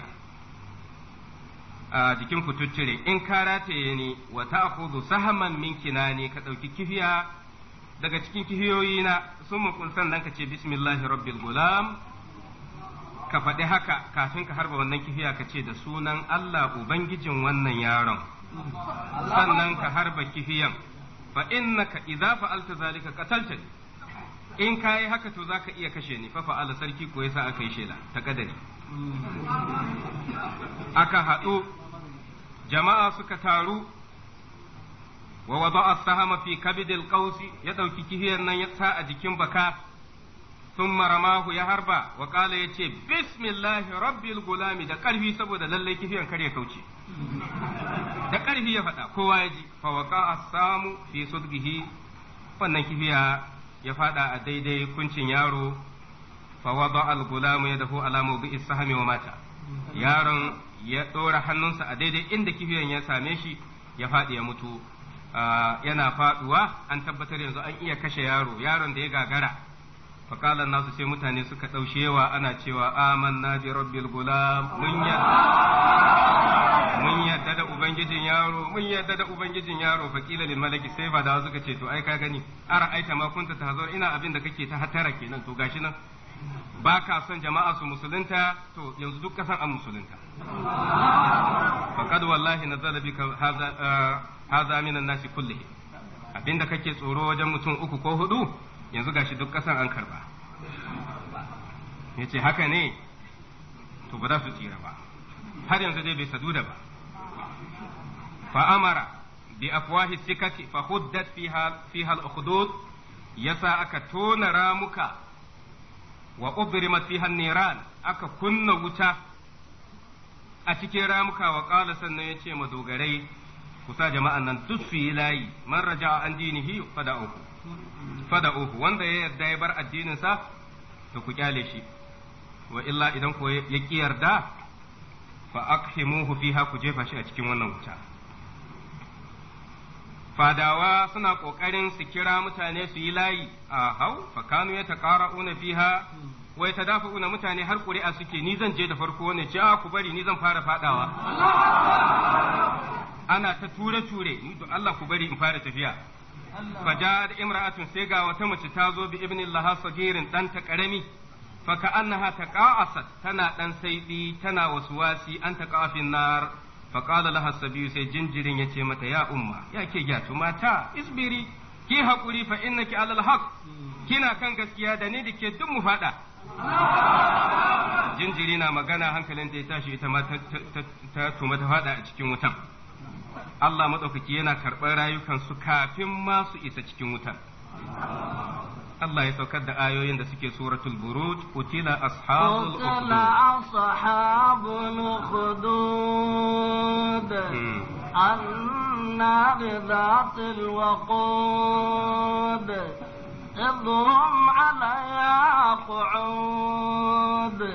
a jikin kututture in ka rataye ni wata ta'khudhu sahaman ka ɗauki kifiya daga cikin kihiyoyi sun summa sannan ka ce bismillahi rabbil gulam ka faɗi haka kafin ka harba wannan kifiya ka ce da sunan Allah ubangijin wannan yaron sannan ka harba kifiyan fa innaka idza fa'alta zalika qataltani in ka yi haka to za ka iya kashe ni fafa ala sarki ko yasa aka yi shela ta kadari aka haɗu jama'a suka taru wa wada'a asahama fi kabidil kausi ya ɗauki kihiyar nan ya sa a jikin baka sun maramahu ya harba wa ƙala ya ce bismillahi rabbil gulami da ƙarfi saboda lallai kihiyan kar ya kauce da ƙarfi ya faɗa kowa ya ji fa waƙa samu fi sudgihi wannan kihiya ya fada a daidai kuncin yaro fa wada al ya dafu ala mawdi'i sahmi wa mata yaron ya dora hannunsa a daidai inda kibiyan ya same shi ya fadi ya mutu ah, yana faduwa an tabbatar yanzu an iya kashe yaro yaron da ya gagara fakalar nasu sai mutane suka ɗaushewa ana cewa amanna bi rabbil gulam mun yadda mun yadda da ubangijin yaro mun yadda da ubangijin yaro fakila lil malaki sai ba da suka ce to ai ka gani ara aita ma kunta tahzur ina abin da kake ta hatara kenan to gashi nan ba ka son jama'a su musulunta to yanzu duk kasan an musulunta faqad wallahi nazala bika hadha eh, hadha minan nasi kullihi abinda kake tsoro wajen mutum uku ko hudu yanzu gashi duk kasan an karba ya ce haka ne to ba za su tsira ba har yanzu dai bai da ba fa'amara bi afwahi sikati fa huddat fiha al yasa aka tona ramuka wa ubrima fiha niran aka kunna wuta a cikin ramuka wa qala sannan yace madogarai kusa jama'an nan duk su yi layi man raja'a an dinihi fada'uhu fada'uhu wanda ya yarda ya bar addininsa to ku kyale shi wa illa idan ko ya ki yarda fa aqhimuhu fiha ku jefa shi a cikin wannan wuta fadawa suna kokarin su kira mutane su yi layi a hau fa kanu ya taqara'una fiha wa ya mutane har ƙuri'a suke ni zan je da farko ne ce ku bari ni zan fara fadawa ana ta ture ture ni to Allah ku bari in fara tafiya da imra'atun sai ga wata mace ta zo bi ibnin laha sagirin dan ta karami fa ta taqa'asat tana dan saidi tana waswasi an taqafin nar fa qala laha sabiyu sai jinjirin yace mata ya umma ya ke gyatu mata isbiri ki hakuri fa innaki alal haqq kina kan gaskiya da ni dake duk mu fada jinjiri na magana hankalin da ya tashi ita ma ta tuma ta fada a cikin wutan Allah maɗaukaki yana karɓar rayukansu kafin ma su isa cikin wutan. Allah ya saukar da ayoyin da suke suratul buruj utila ashabul ukhdud النار ذات الوقود إذ هم عليها قعود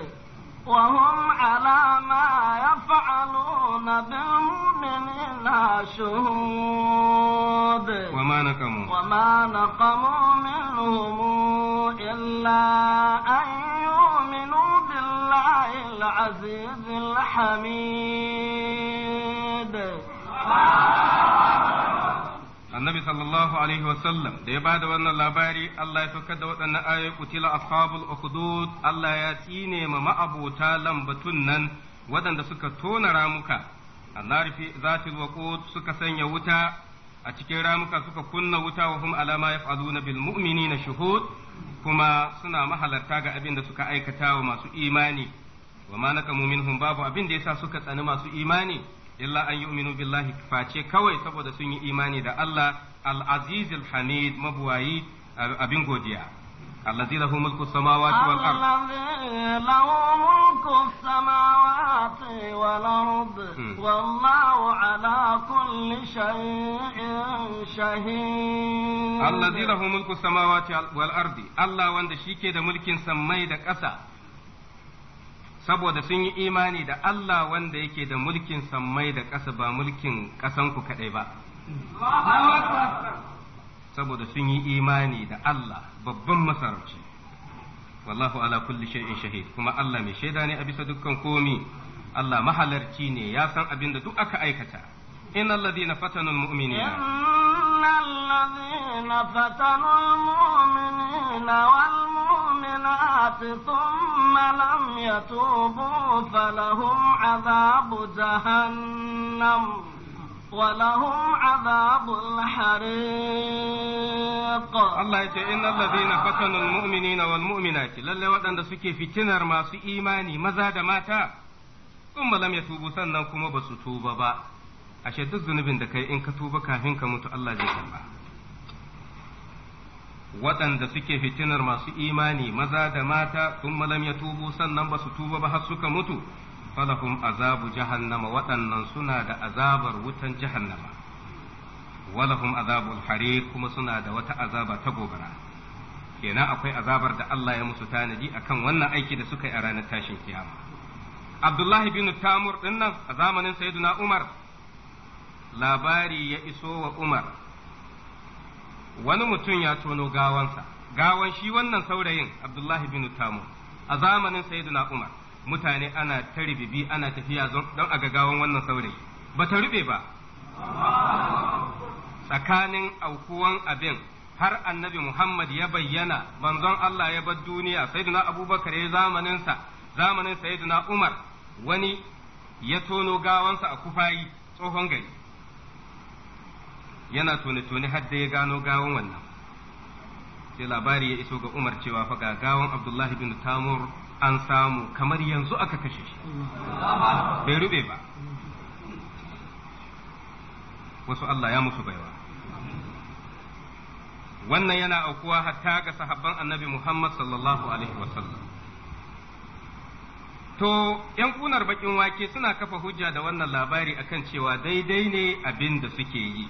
وهم على ما يفعلون بالمؤمنين شهود وما نقموا وما نقموا منهم إلا أن يؤمنوا بالله العزيز الحميد annabi sallallahu alaihi wasallam da ya bada wannan labari Allah ya saukar da waɗannan ayoyi kutila ashabul ukhdud Allah ya tsine ma ma'abota lambatun nan waɗanda suka tona ramuka annari fi zatil waqut suka sanya wuta a cikin ramuka suka kunna wuta wa hum alama yaf'aluna bil mu'minina shuhud kuma suna mahalarta ga abin da suka aikata wa masu imani wa ma nakamu minhum babu abin da yasa suka tsani masu imani illa an yi uminu billahi face kawai saboda sun yi imani da Allah al-aziz al mabuwayi abin godiya Allah zai lahu mulku samawati wal ard Allah zai lahu mulku samawati wal ard hmm. wallahu ala kulli shay'in shahid Allah zai lahu mulku samawati wal ard Allah wanda shike da mulkin samai da ƙasa saboda sun yi imani da Allah wanda yake da mulkin sammai da ƙasa ba mulkin ƙasanku kaɗai ba. Saboda sun yi imani da Allah babban masarauci. Wallahu ala kulli shay'in shahid kuma Allah mai shaida ne a bisa dukkan komi. Allah mahalarci ne ya san abin da duk aka aikata. إن الذين فتنوا المؤمنين إن الذين فتنوا المؤمنين والمؤمنات ثم لم يتوبوا فلهم عذاب جهنم ولهم عذاب الحريق الله إن الذين فتنوا المؤمنين والمؤمنات للي ودن سكي في تنر ما في إيماني مزاد ماتا ثم لم يتوبوا سنة كما بسطوبة با ashe duk zunubin da kai in ka tuba kafin ka mutu Allah zai karba waɗanda suke fitinar masu imani maza da mata sun malam ya tubu sannan ba su tuba ba har suka mutu falahum azabu jahannama waɗannan suna da azabar wutan jahannama walahum azabu hariq kuma suna da wata azaba ta gobara kenan akwai azabar da Allah ya musu tanadi akan wannan aiki da suka yi a ranar tashin kiyama Abdullahi bin Tamur dinnan a zamanin Sayyiduna Umar labari ya iso wa Umar, wani mutum ya tono gawansa, gawan shi wannan saurayin Abdullahi bin Tamu a zamanin Sayyidina Umar, mutane ana ta ribibi ana tafiya don a ga gawan wannan saurayi, ba ta rube ba. Tsakanin aukuwan abin har annabi Muhammad ya bayyana manzon Allah ya bar duniya Sayyidina Abubakar ya zamaninsa, zamanin Sayyidina Umar wani ya tono gawansa a kufayi tsohon gari. yana tuni-tuni har da ya gano gawon wannan sai labari ya iso ga umar cewa fa ga gawon abdullahi bin tamur an samu kamar yanzu aka kashe shi bai rube ba wasu Allah ya musu baiwa wannan yana aukuwa hatta ga sahabban annabi Muhammad sallallahu alaihi wasallam to ‘yan kunar bakin wake suna kafa hujja da wannan labari akan cewa daidai ne abin da suke yi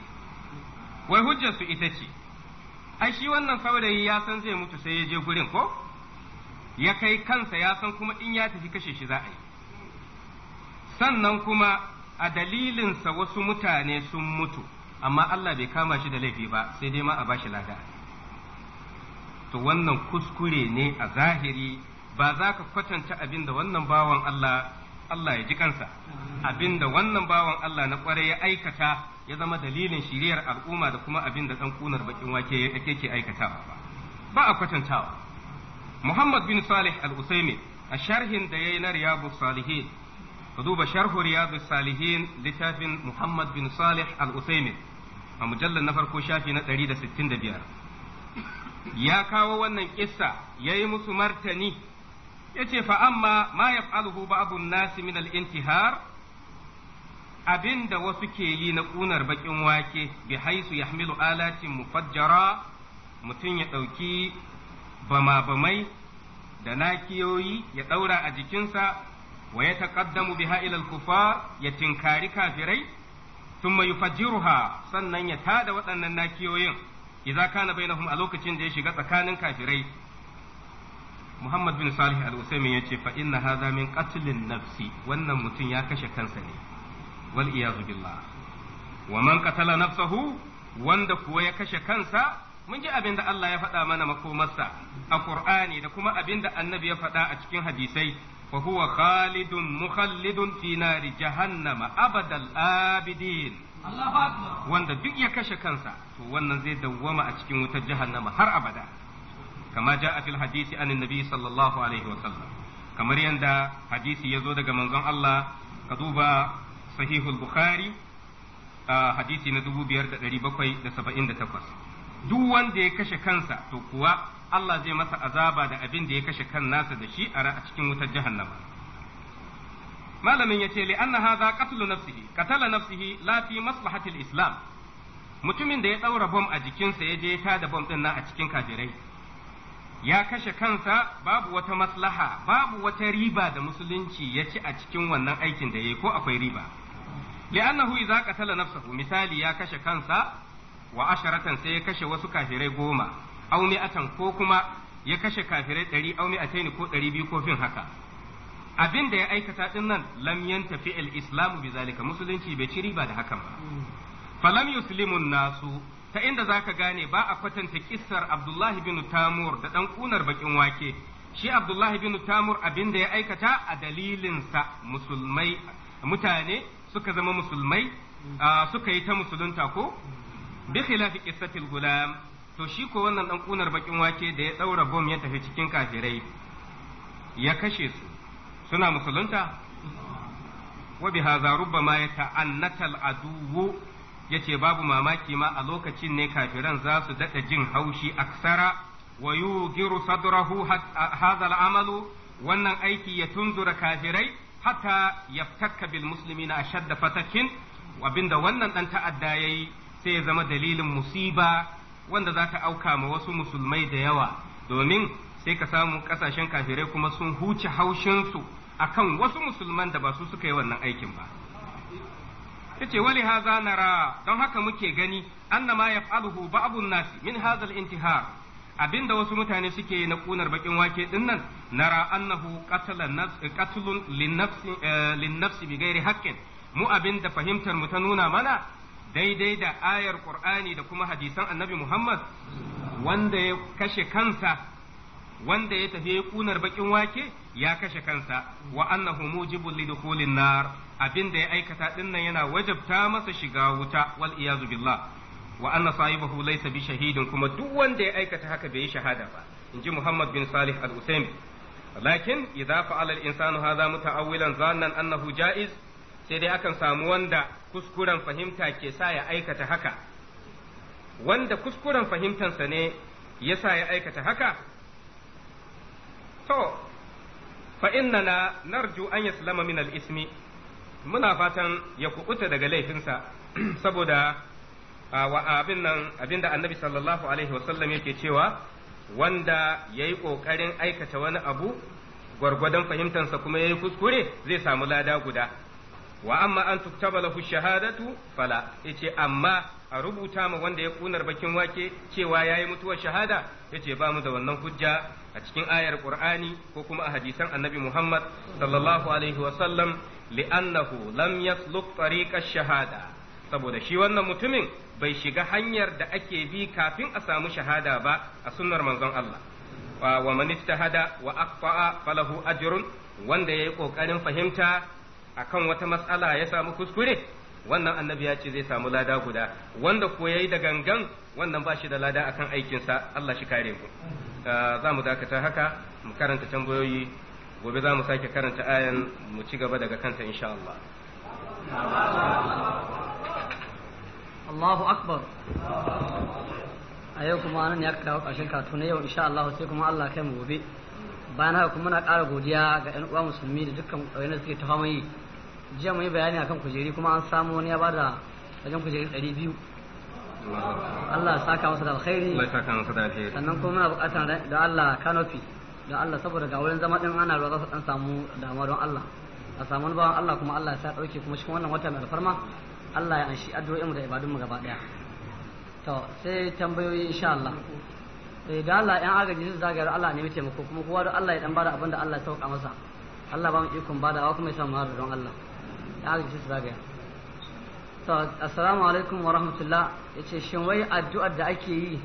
wai hujjar su ita ce ai shi wannan saurayi ya san zai mutu sai ya je gurin ko ya kai kansa ya san kuma in ya tafi kashe shi za a yi sannan kuma a dalilinsa wasu mutane sun mutu amma Allah bai kama shi da laifi ba sai dai ma a bashi lada to wannan kuskure ne a zahiri ba za ka kwatanta abin da wannan bawan Allah Allah ya ji kansa abin da wannan bawan Allah na kwarai ya aikata ya zama dalilin shiriyar al'umma da kuma abin da ɗan kunar bakin wake yake aikatawa ba ba a kwatantawa muhammad bin salih al-usaimi a sharhin da ya yi na riyadu salihin ka duba sharhu riyadu salihin littafin muhammad bin salih al-usaimi a mujallar na farko shafi na 165 ya kawo wannan kissa ya yi musu martani ya ce fa amma ma yaf'aluhu ba'dun nasi min al-intihar abin da wasu ke yi na ƙunar baƙin wake bi haisu ya hamilu alatin mufajjara mutum ya ɗauki bama-bamai da nakiyoyi ya ɗaura a jikinsa wa ya taƙaddamu biha ilal kufar ya tinkari kafirai thumma yufajjiruha sannan ya tada waɗannan nakiyoyin idza kana bainahum a lokacin da ya shiga tsakanin kafirai Muhammad bin Salih al-Usaimin yace fa inna hadha min qatlin nafsi wannan mutum ya kashe kansa ne wal iyazu billah wa man qatala nafsahu wanda kuwa ya kashe kansa mun ji abin da Allah ya faɗa mana makomarsa a Kur'ani da kuma abin da Annabi ya faɗa a cikin hadisai fa khalidun mukhallidun fi nari abadal abidin wanda duk ya kashe kansa to wannan zai dawwama a cikin wutar jahannama har abada kama ja a fil hadisi Ananabi sallallahu alaihi wa sallam kamar yadda hadisi ya zo daga manzon Allah ka duba sahihul bukhari hadisi na 5778 duk wanda ya kashe kansa to kuwa Allah zai masa azaba da abin da ya kashe kan nasa da shi a cikin wutar jahannama malamin yace li anna hadha qatlu nafsihi qatala nafsihi la fi maslahati islam mutumin da ya daura bom a jikinsa ya je ta da bom din nan a cikin kafirai ya kashe kansa babu wata maslaha babu wata riba da musulunci ya ci a cikin wannan aikin da ya yi ko akwai riba li'annahu idza qatala nafsahu misali ya kashe kansa wa asharatan sai ya kashe wasu kafirai goma aw mi'atan ko kuma ya kashe kafirai ɗari aw mi'ataini ko ɗari biyu ko fin haka abin da ya aikata din nan lam yantafi al-islamu bizalika musulunci bai ciri ba da hakan ba falam yuslimun nasu ta inda za ka gane ba a kwatanta kissar Abdullahi bin Tamur da ɗan kunar bakin wake shi Abdullahi bin Tamur abin da ya aikata a dalilin sa musulmai mutane suka zama musulmai suka yi ta musulunta ko bi khilafi qissatil gulam to shi ko wannan dan kunar bakin wake da ya daura bom ya tafi cikin kafirai ya kashe su suna musulunta wa bi hadha rubbama yata'annatal aduwu yace babu mamaki ma a lokacin ne kafiran za su dada jin haushi aksara wa yugiru sadrahu hadha al-amalu wannan aiki ya tunzura kafirai hata yaftakka bil na ashadda fatakin abinda wannan dan ta'adda yayi sai ya zama dalilin musiba wanda za ta auka ma wasu musulmai da yawa domin sai ka samu kasashen kafirai kuma sun huce haushinsu akan wasu musulman da ba su suka yi wannan aikin ba yace wali haza nara don haka muke gani annama yaf'aluhu ba'dun nasi min hadha intihar abinda wasu mutane suke na kunar bakin wake din nan nara annahu qatlun linnafsi eh, bi ghairi haqqin mu abinda fahimtar mu ta nuna mana daidai da ayar qur'ani da kuma hadisan annabi muhammad wanda ya kashe kansa wanda ya tafi kunar bakin wake ya kashe kansa wa annahu mujibul lidukhulin nar abinda ya aikata din nan yana wajabta masa shiga wuta wal iyazu billah wa anna sahibahu laysa bi shahidin kuma duk wanda ya aikata haka bai yi shahada ba inji Muhammad bin Salih al-Uthaymeen lakin idza fa'ala al-insanu hadha muta'awwilan zannan annahu ja'iz sai dai akan samu wanda kuskuren fahimta ke sa ya aikata haka wanda kuskuren fahimtansa ne ya sa ya aikata haka to fa innana narju an yaslama min al-ismi muna fatan ya kubuta daga laifinsa saboda Ah, wa abin nan abinda annabi sallallahu alaihi wasallam yake cewa wanda ya yi ƙoƙarin aikata wani abu gwargwadon fahimtansa kuma ya yi kuskure zai samu lada guda wa amma an tuktaba lahu shahadatu fala yace amma a rubuta ma wanda ya kunar bakin wake cewa yayi mutuwar shahada yace ba mu da wannan hujja a cikin ayar qur'ani ko kuma a hadisan annabi Muhammad sallallahu alaihi wa sallam li'annahu lam yasluk tariqa shahada saboda shi wannan mutumin bai shiga hanyar da ake bi kafin a samu shahada ba a sunnar manzon Allah wa man istahada wa aqfa'a falahu ajrun wanda yayi kokarin fahimta akan wata mas'ala ya samu kuskure wannan annabi ya ce zai samu lada guda wanda ko yayi da gangan wannan ba shi da lada akan aikinsa Allah shi kare mu uh, za mu dakata haka mu karanta tambayoyi gobe za mu sake karanta ayan mu ci gaba daga kanta insha Allah Allahu akbar a yau kuma nan ya kawo ƙarshen kato na yau insha Allah sai kuma Allah kai mu gobe bayan haka kuma na ƙara godiya ga 'yan uwa musulmi da dukkan ƙauyen da suke ta fama yi jiya mun yi bayani akan kujeri kuma an samu wani ya bada wajen kujeri ɗari biyu Allah ya saka masa da alkhairi Allah ya saka masa da alkhairi sannan kuma muna buƙatar da Allah kanofi da Allah saboda ga wurin zama ɗin ana ruwa za su ɗan samu damuwa don Allah a samu bawan Allah kuma Allah ya sa dauke kuma cikin wannan wata mai alfarma Allah ya anshi addu'o'in mu da ibadun mu gaba daya to sai tambayoyi insha Allah sai eh, da Allah yan agaji su zagayar Allah ne muke muku kuma kowa da Allah ya dan bada abin da Allah ya sauka masa Allah ba mu ikon wa kuma ya samu har don Allah yan agaji su zagaya to assalamu alaikum wa rahmatullah yace shin wai addu'ar da ake yi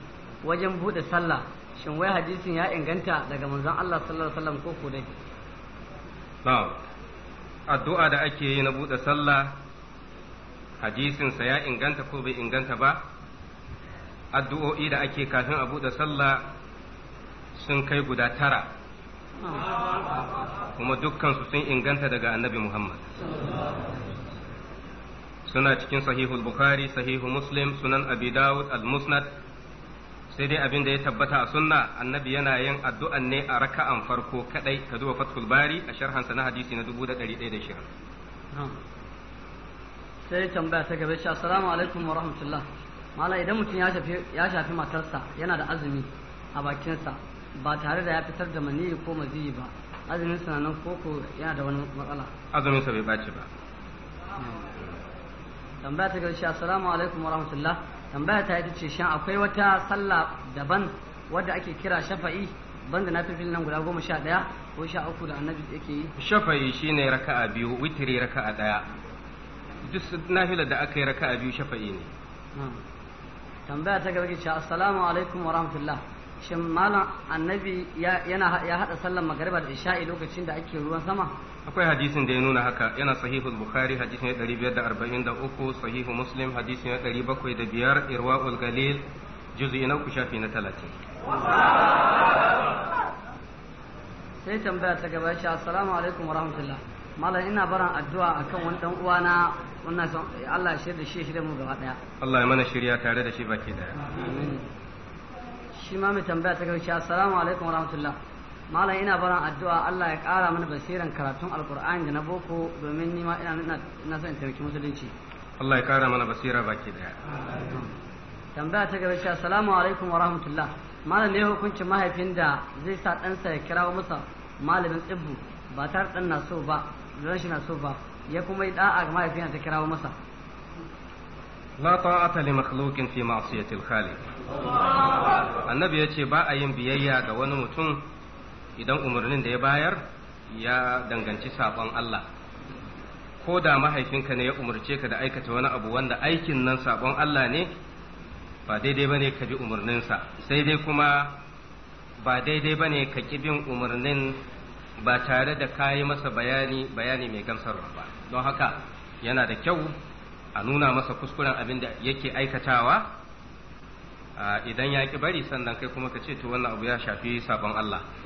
wajen buɗe sallah shin wai hadisin ya inganta daga manzon Allah sallallahu alaihi wasallam ko ko dai na'am addu'a da ake yi na buɗe sallah hadisinsa ya inganta ko bai inganta ba addu'o'i da ake kafin a buɗe sallah sun kai guda tara kuma dukkansu sun inganta daga annabi Muhammad suna cikin sahihul bukhari sahihu muslim sunan abi dawud al-musnad sai dai abin da ya tabbata a sunna annabi yana yin addu'an ne a raka'an farko kadai ka duba fathul bari a sharhansa na hadisi na dubu da da 1120 sai tambaya ta gaba cewa assalamu alaikum wa rahmatullah mala idan mutum ya shafi ya shafi matarsa yana da azumi a bakinsa ba tare da ya fitar da maniyi ko maziyi ba azumin sa nan ko yana da wani matsala azumin sa bai bace ba tambaya ta gaba cewa assalamu alaikum wa rahmatullah tambaya ta ita ce shan akwai wata sallah daban wadda ake kira shafa'i ban banda nafilfil nan guda goma sha ɗaya ko sha uku da annabi yake yi shafa'i shine raka'a biyu witiri raka'a ɗaya duk nafilar da aka yi raka'a biyu shafa'i ne hmm. tambaya ta gaba ce assalamu alaikum wa rahmatullah shin malam annabi yana ya hada sallar magariba da isha'i lokacin da ake ruwan sama akwai hadisin da ya nuna haka yana sahihu bukhari hadisin ya 543 sahihu muslim hadisin ya 705 irwaul galil juz'i na uku shafi na 30 sai tambaya ta gaba shi assalamu alaikum wa rahmatullah malam ina baran addu'a akan wani dan uwana wannan Allah ya shirya shi da mu gaba daya Allah ya mana shirya tare da shi baki daya amin shi ma mai tambaya ta karshe assalamu alaikum wa warahmatullah malam ina baran addu'a Allah ya ƙara mana basiran karatun alkur'ani da na boko domin ni ma ina na son taimaki musulunci Allah ya ƙara mana basira baki daya tambaya ta gaba cewa assalamu alaikum wa warahmatullah malam ne hukuncin mahaifin da zai sa ɗansa ya kira masa malamin tsibbu ba tare ɗan na so ba don shi na so ba ya kuma yi ɗa'a ga mahaifin ta kira masa la ta'ata li makhluqin fi ma'siyatil khaliq annabi ya ce ba a yin biyayya ga wani mutum idan umarnin da ya bayar ya danganci saɓon Allah ko da mahaifinka ne ya umarce ka da aikata wani abu wanda aikin nan saɓon Allah ne ba daidai ba ne ka bi umarninsa sai dai kuma ba daidai ba ne ka ki bin umarnin ba tare da ka yi masa bayani bayani mai gamsarwa ba don haka yana da kyau a nuna masa kuskuren abin da yake aikatawa idan ya ki bari sannan kai kuma ka ce to wannan abu ya shafi sabon Allah